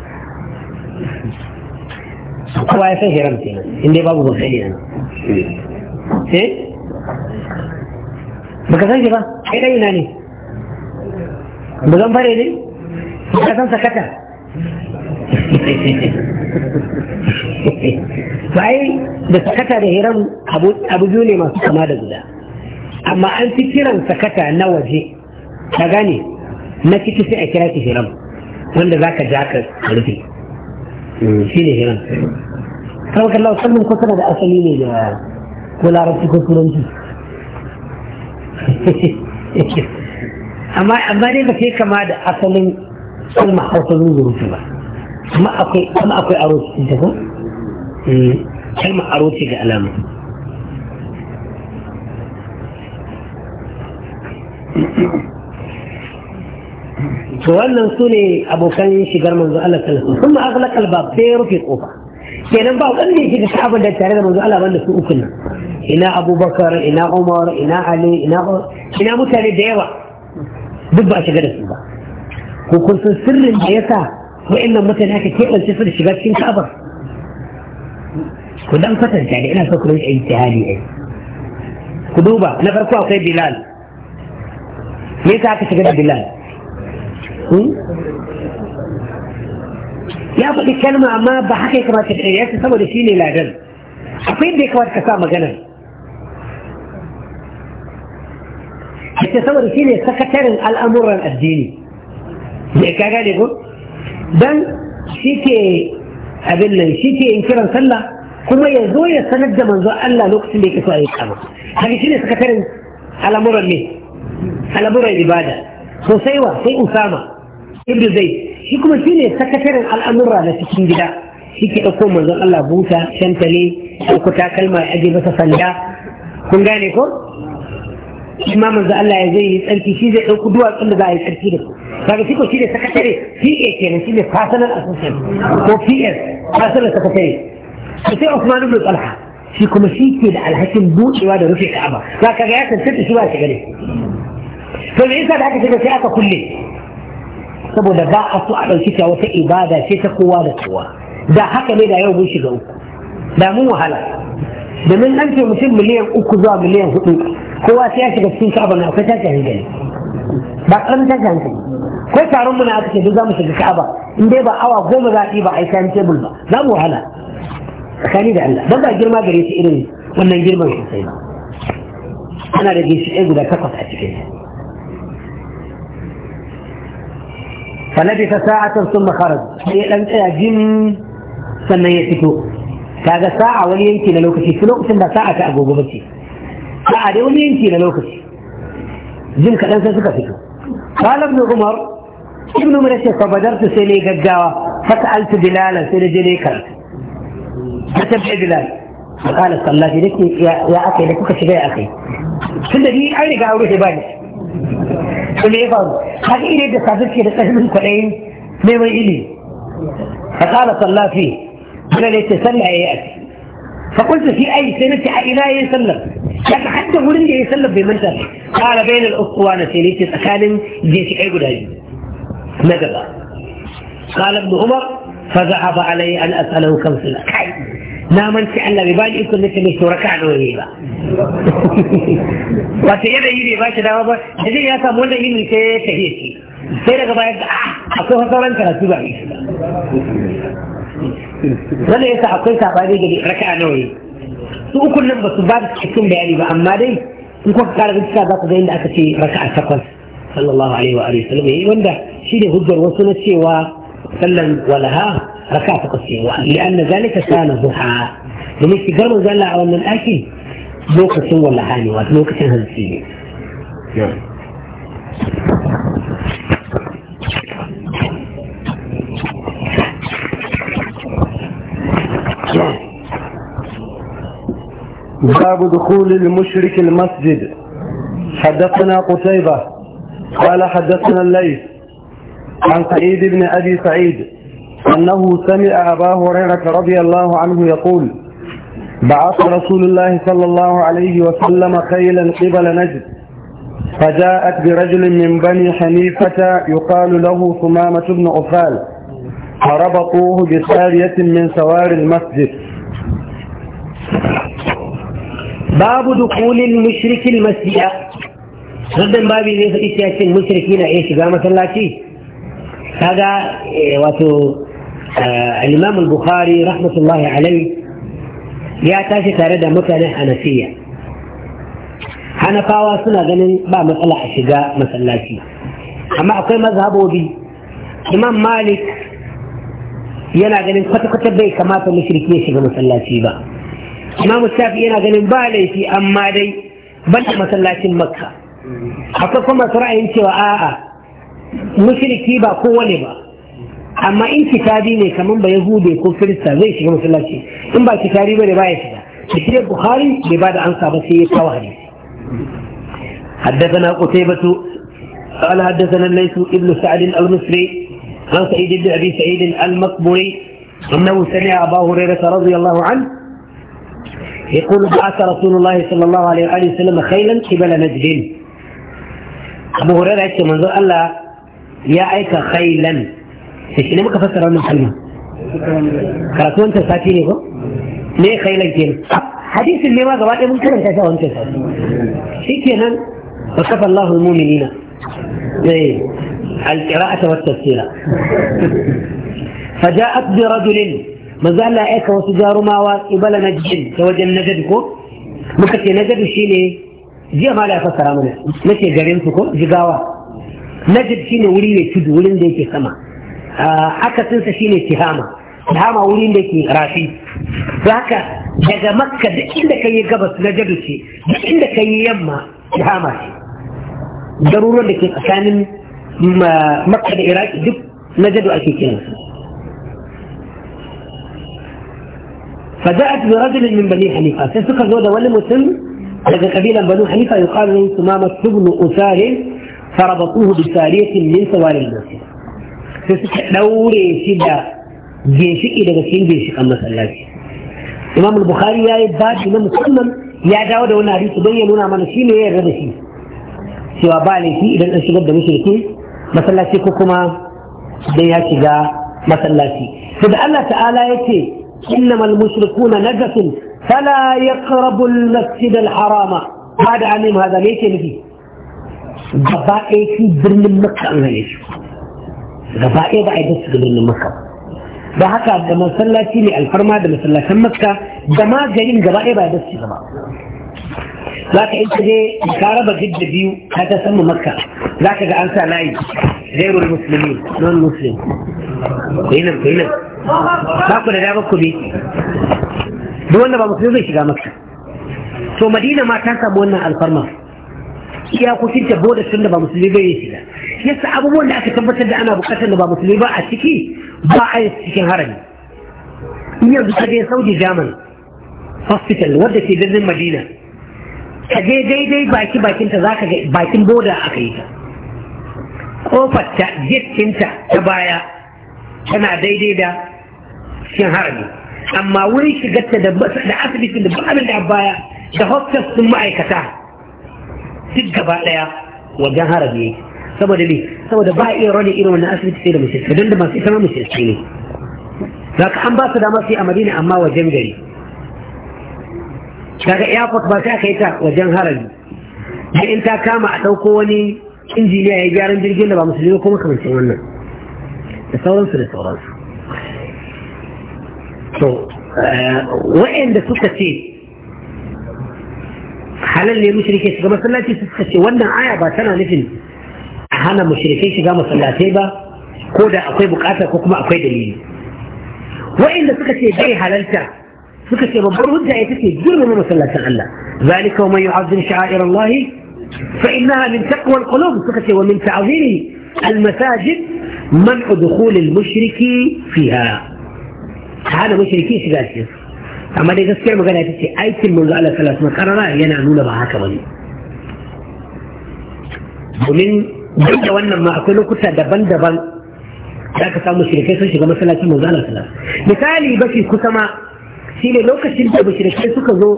Speaker 1: kowa ya san hiram kenan inda babu ba sai hiram, eh baka san shi ba kai dai ina ne ba zan fare ne ka san sakata bai da sakata da hiran abu biyu ne masu kama da guda amma an fi kiran sakata na waje ka gane na ciki sai a kira shi hiran wanda za ka ja ka rufe shi ne hiran kawai kallon sannan kusa da asali ne da ko larabci ko turanci amma dai ba sai kama da asalin san ma hausa zunzurufi ba amma akwai amma akwai aro da ta ko eh, kalma aro ce ga alama to wannan su ne abokan shigar manzo Allah sallallahu alaihi wasallam kuma aghlaqal bab sai rufe kofa kenan ba wanda ne shiga ka'aba da tare da manzo Allah banda su uku nan ina Abubakar ina Umar ina Ali ina ina mutane da yawa duk ba shiga da su ba ko kun san sirrin da yasa wa'annan mutane aka keɓance su da shiga cikin ka'abar ku dan kwatanta da ina so ku rinka ijtihadi ai ku duba na farko akwai bilal me yasa aka shiga da bilal ya faɗi kalma amma ba haka ya kamata da ya saboda shi ne ladan akwai da ya kamata ka sa maganar ita saboda shi ne sakataren al'amuran addini da eh, ka gane ko dan shi ke abin nan shi ke kiran sallah kuma ya zo ya sanar da manzo Allah lokacin da yake so a yi kama haka shi ne sakatarin al'amuran ne al'amuran ibada so sai wa sai usama ibn zaid shi kuma shi ne sakatarin al'amura na cikin gida shi ke ɗauko manzon Allah buta shantale ɗauko takalma ya aje masa sanda kun gane ko shi ma manzo Allah ya zai yi tsarki shi zai ɗauki duwatsun da za a yi tsarki da su daga shi ko shi ne sakatare PA kenan shi ne personal assistant ko PS personal sakatare to sai Usman ibn Talha shi kuma shi ke da alhakin buɗewa da rufe Ka'aba za ka ga ya tantance shi ba shi gare to me yasa da aka shiga sai aka kulle saboda ba a so a ɗauki ta wata ibada ce ta kowa da kowa da haka ne da yau mun shiga uku da mun wahala domin an ce mutum miliyan uku zuwa miliyan hudu kowa sai ya shiga cikin ka'aba na akwai tashi hankali ba ƙaramin tashi hankali ko taron muna aka ce duk za mu shiga ka'aba in dai ba awa goma za a yi ba a yi time table ba za mu wahala tsakani da Allah don ba girma gare shi irin wannan girman sosai ba ana da gishi ɗaya guda takwas a cikin فلبث ساعة ثم خرج هي tsaya تأجم sannan ya fito kaga sa'a wani yanki na lokaci su lokacin da sa'a ta agogo ba ce sa'a dai wani yanki na lokaci jin kaɗan sai suka fito qala ibn umar ibn umar yace fa badartu sai ne gaggawa fa sa'altu bilalan sai da je ne karatu ta tabbi bilal fa qala sallati dake ya akai da kuka shiga ya akai tunda ni an riga aure sai ba ni to me ya faru har ire da sadarki da tsarkin kwaɗayin neman ilimi fa qala sallati قال ليت سمع ياتي فقلت في اي سنه الى يسلم حتى لي يسلم في منزل قال بين الاسطوانه ليت اكلم جيت اقول هاي نزل قال ابن عمر فذهب علي ان اساله كم سنه لا من تعلم بباجي يكون مثل مثل ركع نوريبا وسيدا يدي باشي دوابا هذه يا سامولا يمي تهيتي سيدا قبائد اه اصوها صورا انت لا تبعي wanda yasa akwai sabani da raka'a nawa ne su ukun nan ba su ba da cikakken bayani ba amma dai in kuka kara bincika za ku ga inda aka ce raka'a takwas sallallahu alaihi wa alihi wasallam yayi wanda shi ne hujjar wasu na cewa sallan walaha raka'a takwas ce wa li'anna zalika kana duha domin shigar manzo Allah a wannan ɗaki lokacin walaha ne wato lokacin hanci ne
Speaker 2: باب دخول المشرك المسجد حدثنا قتيبة قال حدثنا الليث عن سعيد بن أبي سعيد أنه سمع أبا هريرة رضي الله عنه يقول بعث رسول الله صلى الله عليه وسلم خيلا قبل نجد فجاءت برجل من بني حنيفة يقال له ثمامة بن أفال فربطوه بسارية من سوار المسجد
Speaker 1: باب دخول المشرك المسجد sannan babi zai faɗi cewa cin na iya shiga masallaci kaga wato al-imam al-bukhari rahmatullahi alai ya tashi tare da mutanen hanafiya hanafawa suna ganin ba matsala a shiga masallaci amma akwai mazhabobi imam malik yana ganin kwata-kwata bai kamata mushriki ya shiga masallaci ba imamu shafi yana ganin ba laifi amma dai ban da masallacin makka akwai kuma ra'ayin cewa a'a mushriki ba kowane ba amma in kitabi ne kamar ba yahude ko kirista zai shiga masallaci in ba kitabi ba ne ba ya shiga da bukhari bai ba da ansa ba sai ya kawo hadisi حدثنا قتيبة قال حدثنا الليث ابن سعد المصري عن سعيد بن أبي سعيد المقبري أنه سمع أبا هريرة رضي الله عنه يقول بعث رسول الله صلى الله عليه وآله وسلم خيلا قبل نجد أبو هريرة يقول منذ الله يا أيك خيلا إيش ليه ممكن أفسر عنه خيلا كراتون أنت ساتيني هو ليه خيلا كينا حديث اللي ما قبل ممكن أنت سوا أنت ساتيني شيء كينا وكفى الله المؤمنين إيه القراءة والتفسير فجاءت برجل ما زال لها ايك وسجار ما وقبل نجد توجه نجدك ما كنت نجد شيني ليه جاء ما لها فكر امنا ما كنت جرينتك جداوه نجد شيني ولي يشد ولين ديك سما آه، حكى تنسى شيء اتهامه اتهامه ولين ديك راشي فهكا جاء مكة عندك اي قبس نجد شيء عندك اي يمه اتهامه ضرورة لك ثاني makka da iraki duk na فجاءت برجل من بني حنيفه سيسكر زودا ولي مسلم لدى قبيله بنو حنيفه يقال له سمامه بن اسار فربطوه بساريه من سوار الناس سيسكر دوري سيدا جيشي الى بسين جيشي اما سلاجي امام البخاري يا باب إمام مسلم يا داود ونعريس wani hadisi don ya nuna mana shi ne ya yarda da shi cewa masallaci ko kuma idan ya shiga masallaci da Allah ta'ala yake innamal mushrikuna najasun fala yaqrabu al-masjid al haram hada alim hada me yake nufi gaba ɗaya shi birnin makka an gane shi gaba ɗaya ba a yi su birnin makka da haka da masallaci ne alfarma da masallacin makka da ma garin gaba ɗaya ba a yi su gaba za ka ita je ka raba gidda biyu ka ta sama makka za ka ga an sa layi zairul musulmi non muslim kai nan kai nan ba ku da dama ku bi duk wanda ba musulmi zai shiga makka to madina ma ta samu wannan alfarma iyakokin ta boda tun da ba musulmi bai shiga yasa abubuwan da aka tabbatar da ana bukatar da ba musulmi ba a ciki ba a yi cikin harami in yanzu ka je saudi german hospital wadda ke birnin madina ka je daidai baki bakinta za ka ga bakin boda aka yi ta kofar ta jikinta ta baya tana daidai da cikin harbi amma wurin shigarta da asibitin da abin da baya da hostas sun ma'aikata duk gaba daya wajen harbi yake saboda ne saboda ba iya rani irin wannan asibiti sai da mace don da masu ita ma mace ne za ka an ba su dama su yi a madina amma wajen gari kaga airport ba ta kai ta wajen harami da in ta kama a ɗauko wani injiniya ya gyaran jirgin da ba musulmi ko kuma kamancin wannan da sauransu da sauransu to eh, wa'anda suka ce halal ne mushrike shiga masallaci suka ce wannan aya ba tana nufin a hana mushrikai shiga masallatai ba ko da akwai bukata ko kuma akwai dalili wa'anda suka ce bai halalta فكرة ببر ودها يتكي جرم من مثلات الله ذلك ومن يعظم شعائر الله فإنها من تقوى القلوب فكرة ومن تعظيم المساجد منع دخول المشرك فيها هذا مشركي سيداتي أما اذا تسكير مقالة يتكي أي تلم من ذلك ثلاث مقررة ينعنون بها هكذا ومن دي وانا ما أكله كتا دبل دبن ذاك تعمل شركي سيداتي مثلا مثلا مثالي بشي كتما shi ne lokacin da mushrikai suka zo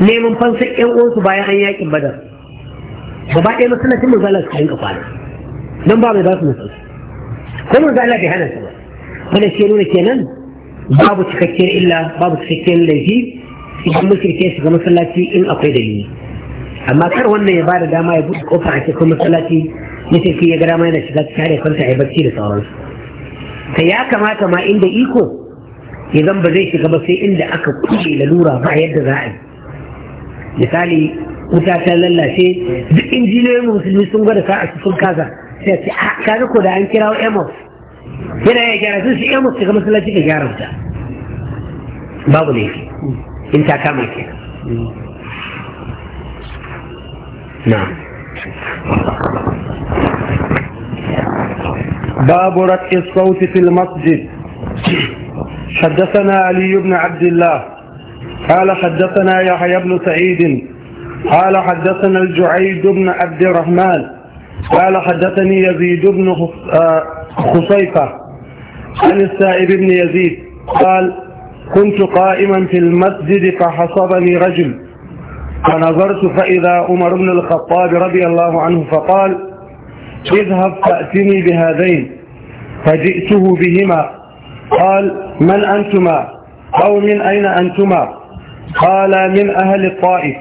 Speaker 1: neman fansa ƴan uwansu bayan an yakin badar gaba ɗaya masallacin manzo Allah suka rinka kwana don ba mai ba su musulunci ko manzo Allah bai hana su ba wanda shi nuna kenan babu cikakkiyar illa babu cikakkiyar laifi idan mushrike shiga masallaci in akwai dalili amma kar wannan ya bada dama ya buɗe kofa a cikin masallaci mushrike ya ga dama yana shiga cikin harkar sa ya bacci da sauransu ta ya kamata ma inda iko idan ba zai shiga ba sai inda aka kulle lalura ba yadda za a yi misali wuta ta lallace duk injiniyoyin musulmi sun gwada sa'a su sun kaza sai ce a kaga ko da an kira emos yana ya gyara sun shi emos shiga masallaci ka gyara wuta babu laifi in ta kama ke na باب
Speaker 2: رفع الصوت في المسجد حدثنا علي بن عبد الله قال حدثنا يحيى بن سعيد قال حدثنا الجعيد بن عبد الرحمن قال حدثني يزيد بن آه، خصيفة عن السائب بن يزيد قال كنت قائما في المسجد فحصبني رجل فنظرت فإذا عمر بن الخطاب رضي الله عنه فقال اذهب فأتني بهذين فجئته بهما قال من أنتما أو من أين أنتما قال من أهل الطائف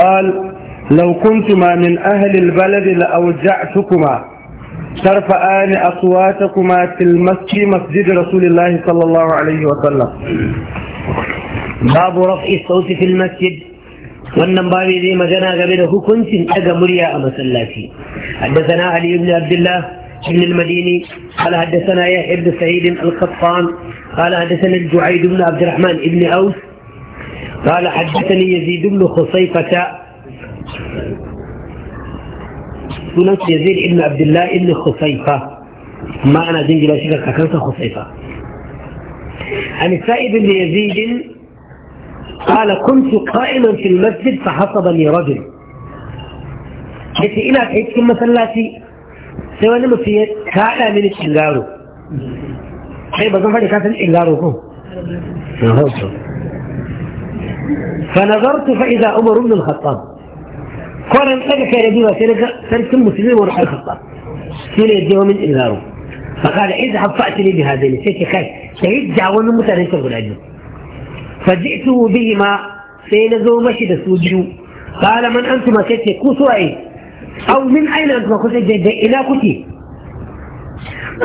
Speaker 2: قال لو كنتما من أهل البلد لأوجعتكما ترفعان أصواتكما في المسجد مسجد رسول الله صلى الله عليه وسلم
Speaker 1: باب رفع الصوت في المسجد wannan ذي مجنى magana كنت أجمريا أمسلاتي حدثنا علي بن عبد الله حن المديني قال حدثنا يحيى بن سعيد القطان قال حدثنا الجعيد بن عبد الرحمن بن أوس قال حدثني يزيد بن خصيفة سنة يزيد بن عبد الله بن خصيفة ما أنا زنجي لا شكك خصيفة عن السائب بن يزيد قال كنت قائما في المسجد فحصبني رجل حتى إلى حتى مثلاتي sai wani mutum ya mini cingaro sai ba zan faɗi kasan cingaro ko فنظرت فإذا عمر بن الخطاب قال انتبه يا نبي وسيرك سلك المسلمين ورحى الخطاب سير يديه من إنذاره فقال اذهب فأتني بهذين سيك خير شهيد جعوان المتعنى يتقول أجل فجئته بهما سينزو مشي دسوجه قال من أنتما سيك كوسوا أيه أو من أين أنتم كنت جدا إلى كتي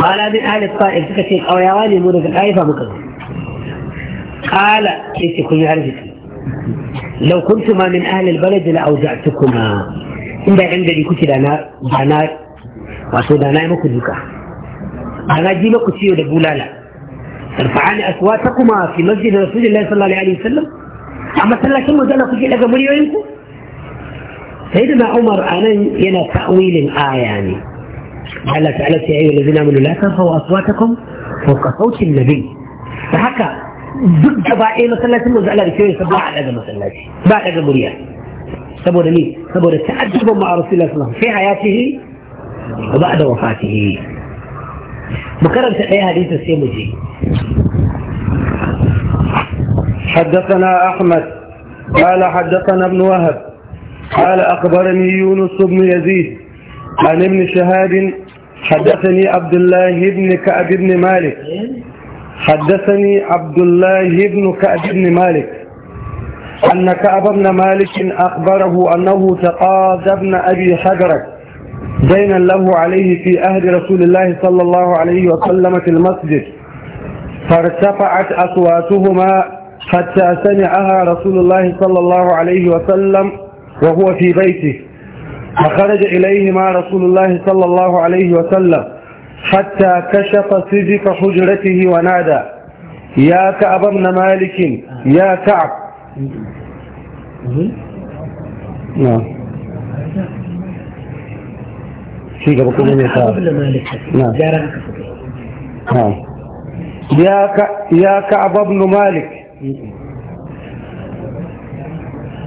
Speaker 1: قال من أهل الطائف سكتين أو يواني مولد الآية فمكذب قال إيش كن يعرفتي لو كنتما من أهل البلد لأوزعتكما إن عندي كنت دانا دانا وأتو دانا مكذبك أنا جي مكتي ودبولالا ارفعان أصواتكما في مسجد رسول الله صلى الله عليه وسلم أما سلا كم زانا كنت لك مريوينكم سيدنا عمر أنا إلى تأويل الآية يعني على فعلة يا أيها الذين آمنوا لا ترفعوا أصواتكم فوق صوت النبي فحكى ضد بائي مثلا ثم زعل رسول الله صلى الله عليه وسلم بعد هذا مريا سبور مين سبور التأدب مع رسول الله صلى الله عليه وسلم في حياته وبعد وفاته مكرم تقيها حديث السيمجي
Speaker 2: حدثنا أحمد قال حدثنا ابن وهب قال أخبرني يونس بن يزيد عن ابن شهاب حدثني عبد الله بن كعب بن مالك حدثني عبد الله بن كعب بن مالك أن كعب بن مالك أخبره أنه تقاضى ابن أبي حجرك دينا له عليه في أهل رسول الله صلى الله عليه وسلم في المسجد فارتفعت أصواتهما حتى سمعها رسول الله صلى الله عليه وسلم وهو في بيته فخرج إليهما رسول الله صلى الله عليه وسلم حتى كشف سجف حجرته ونادى يا كعب ابن مالك يا كعب
Speaker 3: نعم شيء قبل
Speaker 2: نعم. نعم يا كعب بن مالك نعم.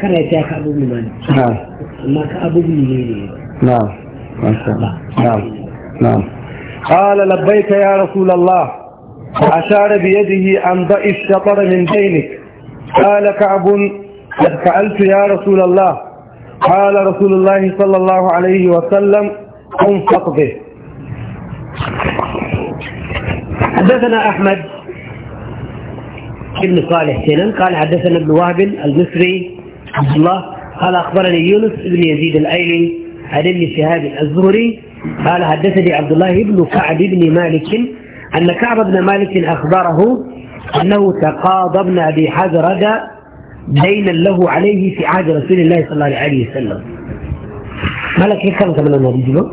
Speaker 2: قال لبيك يا رسول الله فأشار بيده أن ضئ الشطر من بينك قال كعب قد فعلت يا رسول الله قال رسول الله صلى الله عليه وسلم
Speaker 1: انفق به حدثنا أحمد بن صالح سنن قال حدثنا ابن وهب المصري عبد الله قال أخبرني يونس بن يزيد الأيلي عن ابن شهاب الزهري قال حدثني عبد الله بن كعب بن مالك أن كعب بن مالك أخبره أنه تقاضى ابن أبي حزرد دينا له عليه في عهد رسول الله صلى الله عليه وسلم مالك هيك كان كمان النبي جلو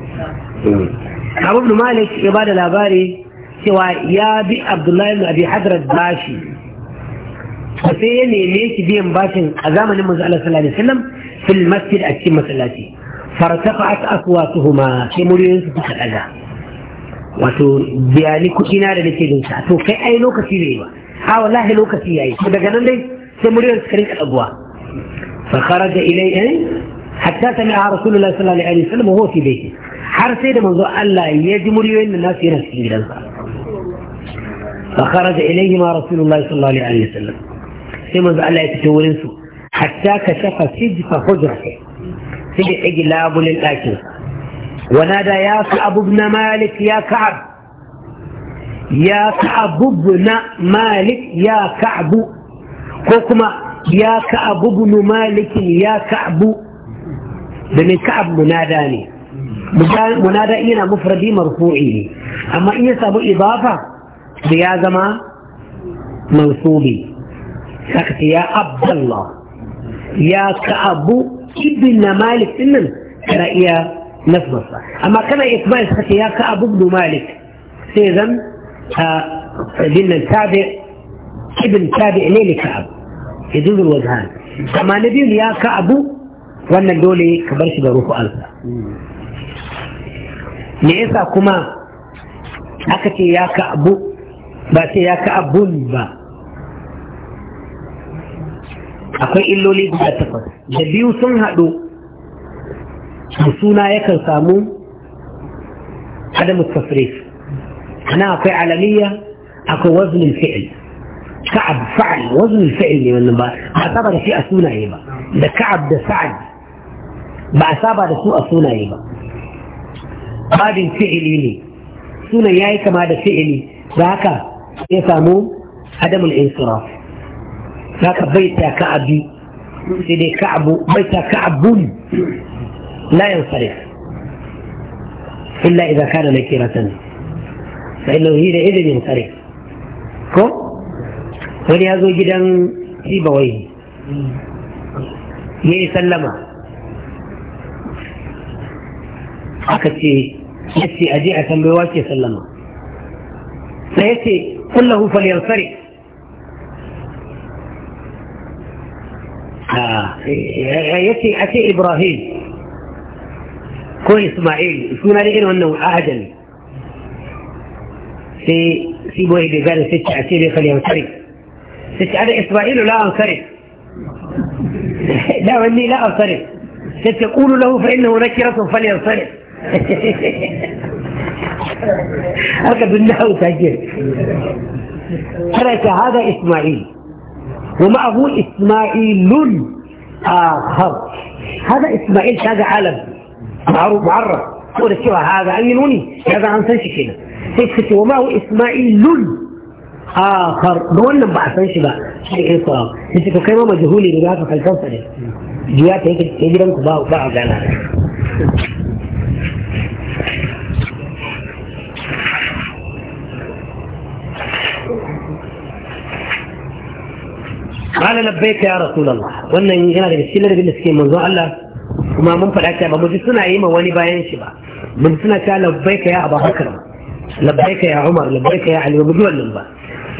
Speaker 1: كعب بن مالك يبادل الأباري cewa ya عبد الله بن ابي hadrat باشي حسين يليك بين باكن أزام النمز على صلى الله عليه وسلم في المسجد أكتمة التي فارتفعت أقواتهما في مريون سبحة الأذى واتو بياني كتنا لكي دنسا تو في أي نوكة في ليوا ها والله نوكة في أي شو بقنا لي في مريون سكريك الأبواء فخرج إليه حتى سمع رسول الله صلى الله عليه وسلم وهو في بيته حرسي لمنذ ألا يجي مريون الناس ينسكي بلنسا فخرج إليهما رسول الله صلى الله عليه وسلم sai manzo Allah ya fito wurin su hatta ka shafa sijfa hujrati sai da tsage labulin ɗakin ونادى يا كعب بن مالك يا كعب يا كعب بن مالك يا كعب كوكما يا كعب بن مالك يا كعب بن كعب مناداني منادى إينا مفردي مرفوعي أما إيه سابو إضافة يا زما منصوبي sakata ya abdallah ya ka abu ibn na malik dinnan kana iya nasbarsa amma kana isma'il sakata ya ka abu ibn malik sai zan a dinnan tabi ibn tabi ne ne ka abu ya zuzu wajen amma na biyu ya ka abu wannan dole ka bar shi da ruku alsa me yasa kuma aka ce ya ka abu ba sai ya ka abun ba akwai illoli guda takwas da biyu sun haɗu suna yakan samu adamu tasrif ana akwai alamiya akwai waznin fi'il ka'ab fa'al waznin fi'il ne wannan ba a saba da shi a sunaye ba da ka'ab da sa'ad ba a saba da su a sunaye ba babin fi'ili ne sunan yayi kama da fi'ili da haka ya samu adamul insiraf haka baita ka ka'abi sai dai ka'abu baita ta ka'abun la yansarif illa idan kana nakiratan fa innahu hina idhin sare. ko wani ya zo gidan sibawai ya yi sallama aka ce yace aje a tambayowa ke sallama sai yace kullahu falyansarif يأتي أتي إبراهيم كون إسماعيل يكون لي إنه أنه أعجل في في بوهي بذل ستة أتي لي خليه أنصرف ستة أنا إسماعيل لا أنصرف لا وإني لا أنصرف ستة قول له فإنه نكرة فلينصرف أكد أنه تجد حركة هذا إسماعيل ومعه إسماعيل آخر هذا إسماعيل هذا عالم معروف معرف تقول سوى هذا علموني هذا عن سنشي كده تكفت وما هو إسماعيل آخر دولنا بعثان شبا شيء إطلاق أنت كما مجهولي بجهة فالكوثر جياتي هيك تجرم كباو بعض على قال لبيك يا رسول الله wannan yana daga cikin ladabin da suke manzo Allah kuma mun faɗa cewa ba mu ji suna yi ma wani bayan shi ba mun suna cewa labbaika ya Abu Bakar labbaika ya Umar labbaika ya Ali ba ji wannan ba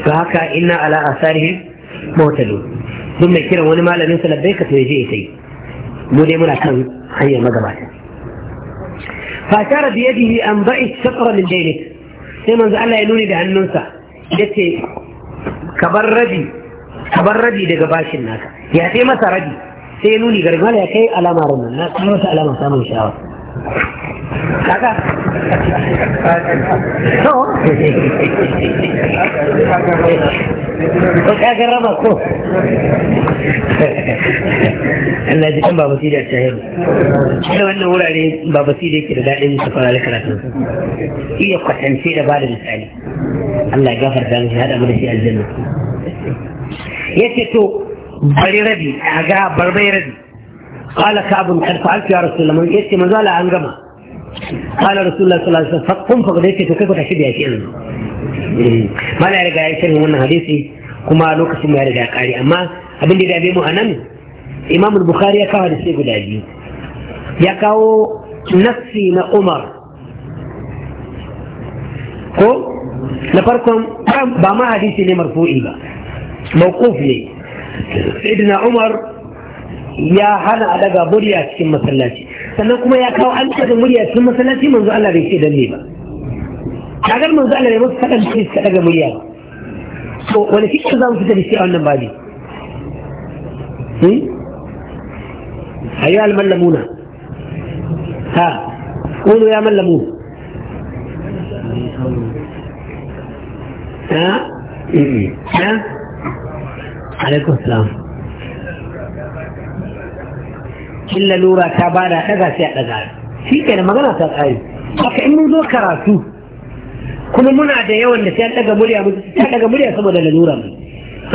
Speaker 1: ga haka inna ala asarihi mawtalu duk mai kiran wani malamin sa labbaika to yaje sai mu dai muna kan hanyar magabata fa tara bi yadihi an ba'i shaqra min daynik sai manzo Allah ya nuni da hannunsa yace kabar rabi ka bar rabi daga bashin naka ya sai masa rabi sai ya nuni gargama ya kai alama ranar na kuma masa alama samun sha'awa kaka so ko kaka rama ko Allah ji kan babu da a shahiru da wannan wurare babu da yake da daɗin su fara da karatu iya kwatance da ba da misali Allah ya gafarta mishi haɗa mu da shi aljanna يتي تو bari rabi قال كعب قد فعلت يا رسول الله يتي من زال عن جمع قال رسول الله صلى الله عليه وسلم فقم فقد يتي تو كيف تشبه يا شيخ ما لا يرجع يشرح من الحديث كما لو كسم يرجع قاري اما أبن da أبي مهنم إمام البخاري bukhari ya kawo da sai guda biyu ya kawo nassi na ko na farkon ba ma hadisi ne marfu'i ba mawquf ne sayyidina umar ya hana a daga murya cikin masallaci sannan kuma ya kawo an daga murya cikin masallaci manzo Allah bai ce danne ba kagar manzo Allah bai masa fadan ce ka daga murya So wani fikir za mu fita da shi a wannan babi hmm? ayyuhal mallamuna ha qulu ya mallamun ha hmm, hmm. ha عليكم السلام كل لورا كبارا لغا سيئ لغا في كان مغانا تقعي وكا إنه ذو كراسو كنا منع ديو أن سيئ لغا مريا سيئ لغا مريا سمو دل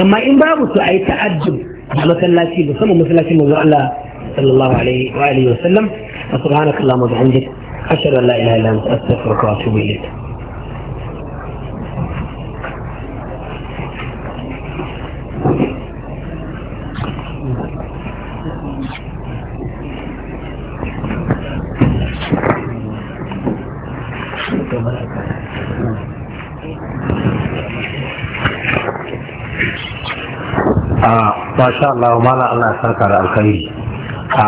Speaker 1: أما إن بابو سعي تأجم على سلاسي بسمو مسلاسي مزو الله صلى الله عليه وآله وسلم وسبحانك الله مزعنجك أشهد أن لا إله إلا أنت أستغفرك وأتوب إليك
Speaker 4: sha Allah mala Allah saka da alkhairi a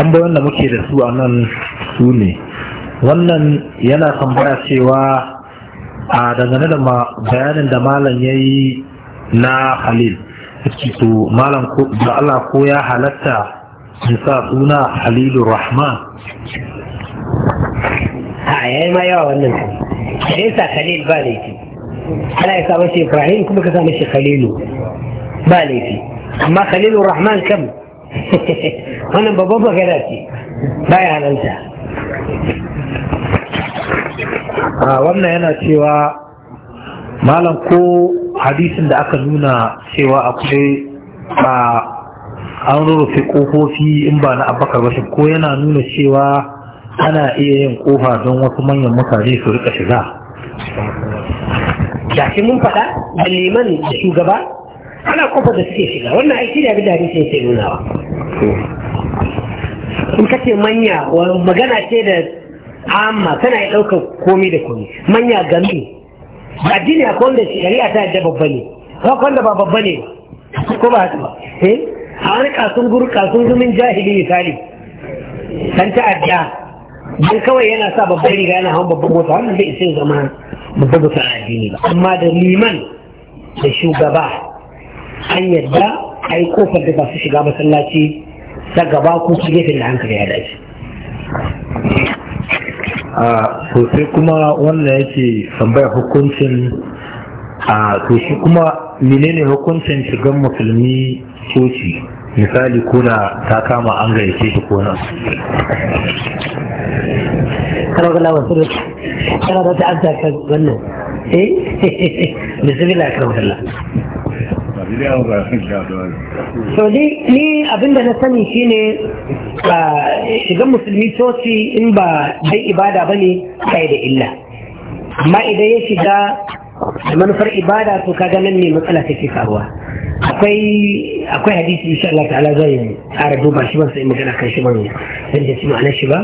Speaker 4: tambayoyin da muke da su a nan su ne wannan yana tambaya cewa a dangane da bayanin da malam ya yi na halil to malam da Allah ko ya halatta in sa suna halilur rahman
Speaker 1: a yayi ma yawa wannan sai sa khalil ba laifi ana ya sa mashi ibrahim kuma ka sa mashi khalilu ba laifi amma khalilur rahman kam wannan babban magana ce ba ya halalta wannan yana cewa malam ko
Speaker 4: hadisin da aka nuna cewa akwai a an rufe kofofi in ba na abakar ba ko yana nuna cewa ana iya yin kofa don wasu manyan mutane su rika shiga.
Speaker 1: Yashi mun faɗa da liman da shugaba ana kofar da suke shiga wannan aiki da abin sai hadisi yake nunawa in kace manya magana ce da amma tana yi ɗaukar komi da komi manya gami addini a shi shari'a ta yadda babba ne ba kwanda ba babba ne ko ba haka ba eh? a wani kasun guru kasun zumin jahili misali dan ta'adda dan kawai yana sa babban riga yana hawan babban mota wannan bai isa zama babban mota a addini ba amma da liman da shugaba hanyar da a yi kofar da ba su shiga masallaci ta gaba ko su gefen da hankali ya dace
Speaker 4: a sosai kuma wannan yake tambaya hukuncin a to shi kuma menene hukuncin shigan musulmi coci misali kuna ta kama an gayyace shi ko nan
Speaker 1: kana ga lawan sirri kana da ta amsa kan wannan eh bismillah karamakallah so ni abinda na sani shine shigan musulmi coci in ba dai ibada ba ne kai da illa amma idan ya shiga manufar ibada to kaga nan ne matsala take faruwa akwai akwai hadisi insha Allah ta'ala zai ƙara duba shi ban sai magana kan shi ban dan da shi ma'anar shi ba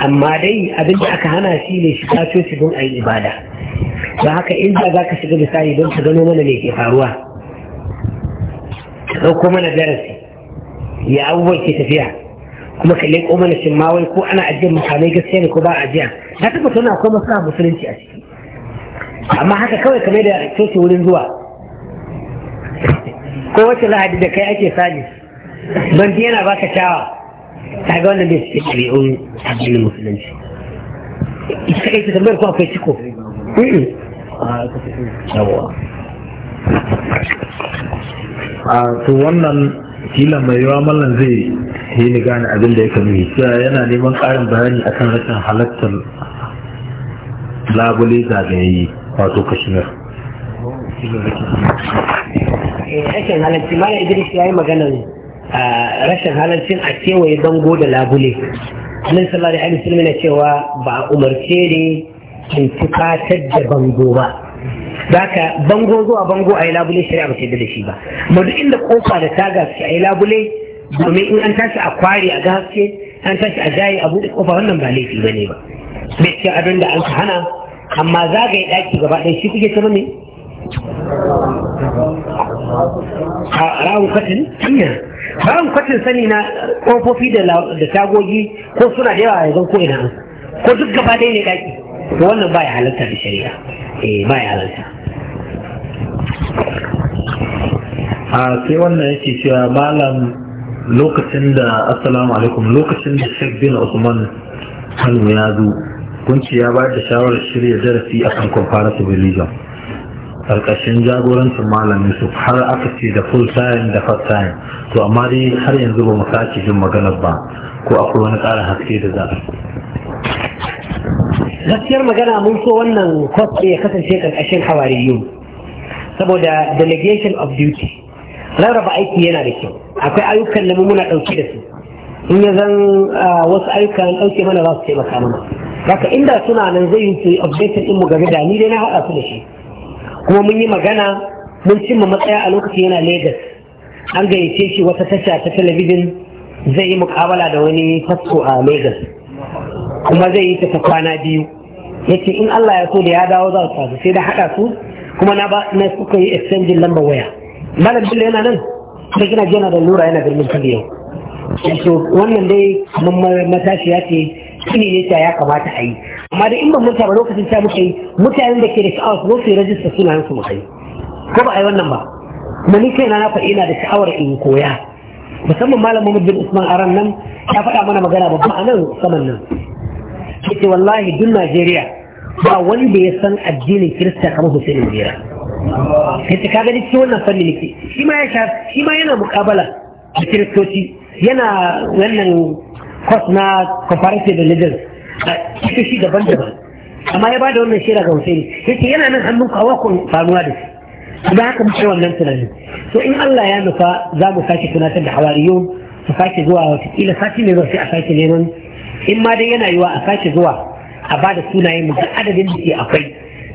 Speaker 1: amma dai abinda aka hana shi ne shiga coci don ayi ibada ba haka in za ka shiga misali don ka gano mana me ke faruwa ka ɗauko mana darasi ya abubuwan ke tafiya kuma ka leƙo mana shin wai ko ana ajiyar mutane gaskiya ne ko ba ajiya na tabbata na akwai masu musulunci a ciki amma haka kawai kamar da coci wurin zuwa ko wacce lahadi da kai ake sani ban yana baka shawa ta ga wannan bai cikin ɗabi'un addinin musulunci ita kai ta tambayar ko akwai ciko
Speaker 4: a to wannan kila mai yawa mallan zai yi ni gane abin da ya ya yana neman karin bayani akan rashin halattar labule zagayayi wato kashmir eh,
Speaker 1: rashin halarci mara idris ya yi maganar rashin halarcin a kewaye bango da labule annabi sallari alaihi wasallam cewa ba umarce ne in tukatar da bango ba da bango zuwa bango a yi labule shari'a ba ta da shi ba amma duk inda kofa da taga gaske a yi labule domin in an tashi a kwari a ga haske an tashi a jaye a buɗe kofa wannan ba laifi ba ne ba bai cikin abin da an hana amma zagaye ɗaki gaba ɗaya shi kuke ta ne rawun kwatin hanya rawun kwatin sani na kofofi da tagogi ko suna da yawa a yanzu ko ina ko duk gaba ɗaya ne ɗaki wannan baya halatta da shari'a eh baya halatta
Speaker 4: a sai wannan yake cewa malam lokacin da assalamu alaikum lokacin da shek bin usman hannu ya zo kunci ya ba da shawarar shirya darasi akan comparative religion karkashin jagorancin malam yusuf har aka ce da full time da part time to amma dai har yanzu ba mu sake jin magana ba ko akwai wani ƙara haske da za
Speaker 1: gaskiyar magana mun so wannan kwas ya kasance karkashin hawariyun saboda delegation of duty rarraba aiki yana da kyau akwai ayyukan da muna ɗauke da su in ya zan wasu ayyukan ɗauke mana za su taimaka mana haka inda suna nan zai yi su update din mu game da ni dai na haɗa su da shi kuma mun yi magana mun cimma matsaya a lokacin yana Legas. an gayyace shi wata tasha ta talabijin zai yi mukabala da wani fasko a Legas. kuma zai yi ta kwana biyu yace in Allah ya so da ya dawo za su fasu sai da haɗa su kuma na ba na suka yi exchange lambar waya malam Bello yana nan sai kina jana da lura yana birnin kan yau to wannan dai kamar matashi ya ce shi ne ya kamata a yi amma da in ban manta ba lokacin ta muka yi mutanen da ke da sha'awar su su yi rajista sunayen su muka kai ko ba a yi wannan ba kuma ni kaina na faɗi ina da sha'awar in koya musamman malam Muhammad bin Usman Aran nan ya faɗa mana magana babba a nan saman nan yace wallahi duk Najeriya ba wanda ya san addinin Kirista kamar Hussein Mujera yace kaga duk wannan fanni nake shi ma ya shi ma yana muƙabala da Kiristoci yana wannan course na comparative religion a shi daban-daban amma ya bada wannan shira ga Hussein yace yana nan hannun kawo kun faruwa da shi da haka muke wannan tunanin to in Allah ya nufa za mu sake tunatar da hawariyun su sake zuwa wata kila sati ne zuwa sai a sake neman in ma dai yana yiwa a sake zuwa a ba da sunayen mu duk adadin da ke akwai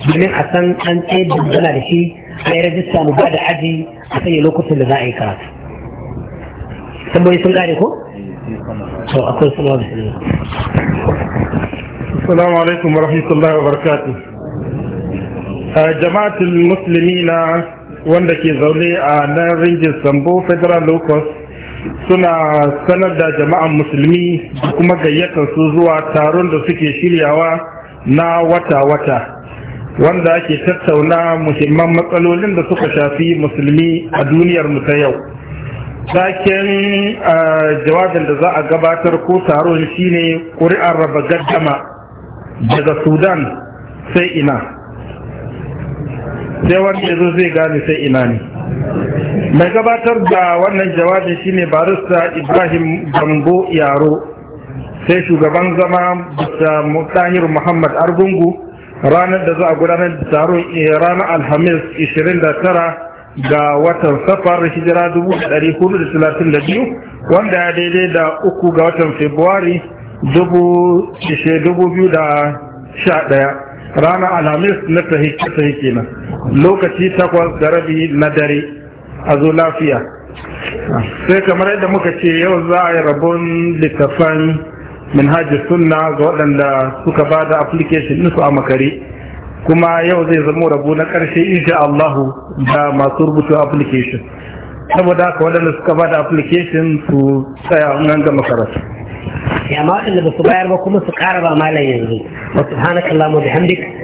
Speaker 1: domin a san an tsaye da magana da shi a yi rajista mu ba da aji a sanya lokacin da za a yi karatu tambayi sun kare ko to akwai sunawa da sallama السلام عليكم
Speaker 5: ورحمة الله وبركاته جماعة المسلمين وندكي زولي a nan ringin فيدرال federal suna sanar da jama'an musulmi da kuma gayyatar su zuwa taron da suke shiryawa na wata-wata wanda ake tattauna muhimman matsalolin da suka shafi musulmi a duniyar ta yau taken jawabin da za a gabatar ko taron shine ƙuri'ar raba gaddama daga sudan sai ina sai wanda ya zai gane sai ina ne mai gabatar da wannan jawabin shine barista ibrahim gambo yaro sai shugaban zama bisa mutahir muhammad argungu ranar da za a gudanar da taron eh, ranar alhamis 29 ga watan safar hijira 1432 wanda ya daidai da uku ga watan februari 2011 ranar alhamis na sahi kenan lokaci takwas da rabi na dare a zo lafiya sai kamar yadda muka ce yau za a yi rabon littafan manhaji sunna ga waɗanda suka ba da application ɗinsu a makare kuma yau zai zama rabo na ƙarshe insha Allahu da masu
Speaker 1: rubutu application saboda haka waɗanda suka ba da application su tsaya nan gama karatu ya ma waɗanda ba su bayar ba kuma su ƙara ba malam yanzu wa subhanakallahumma
Speaker 3: bihamdik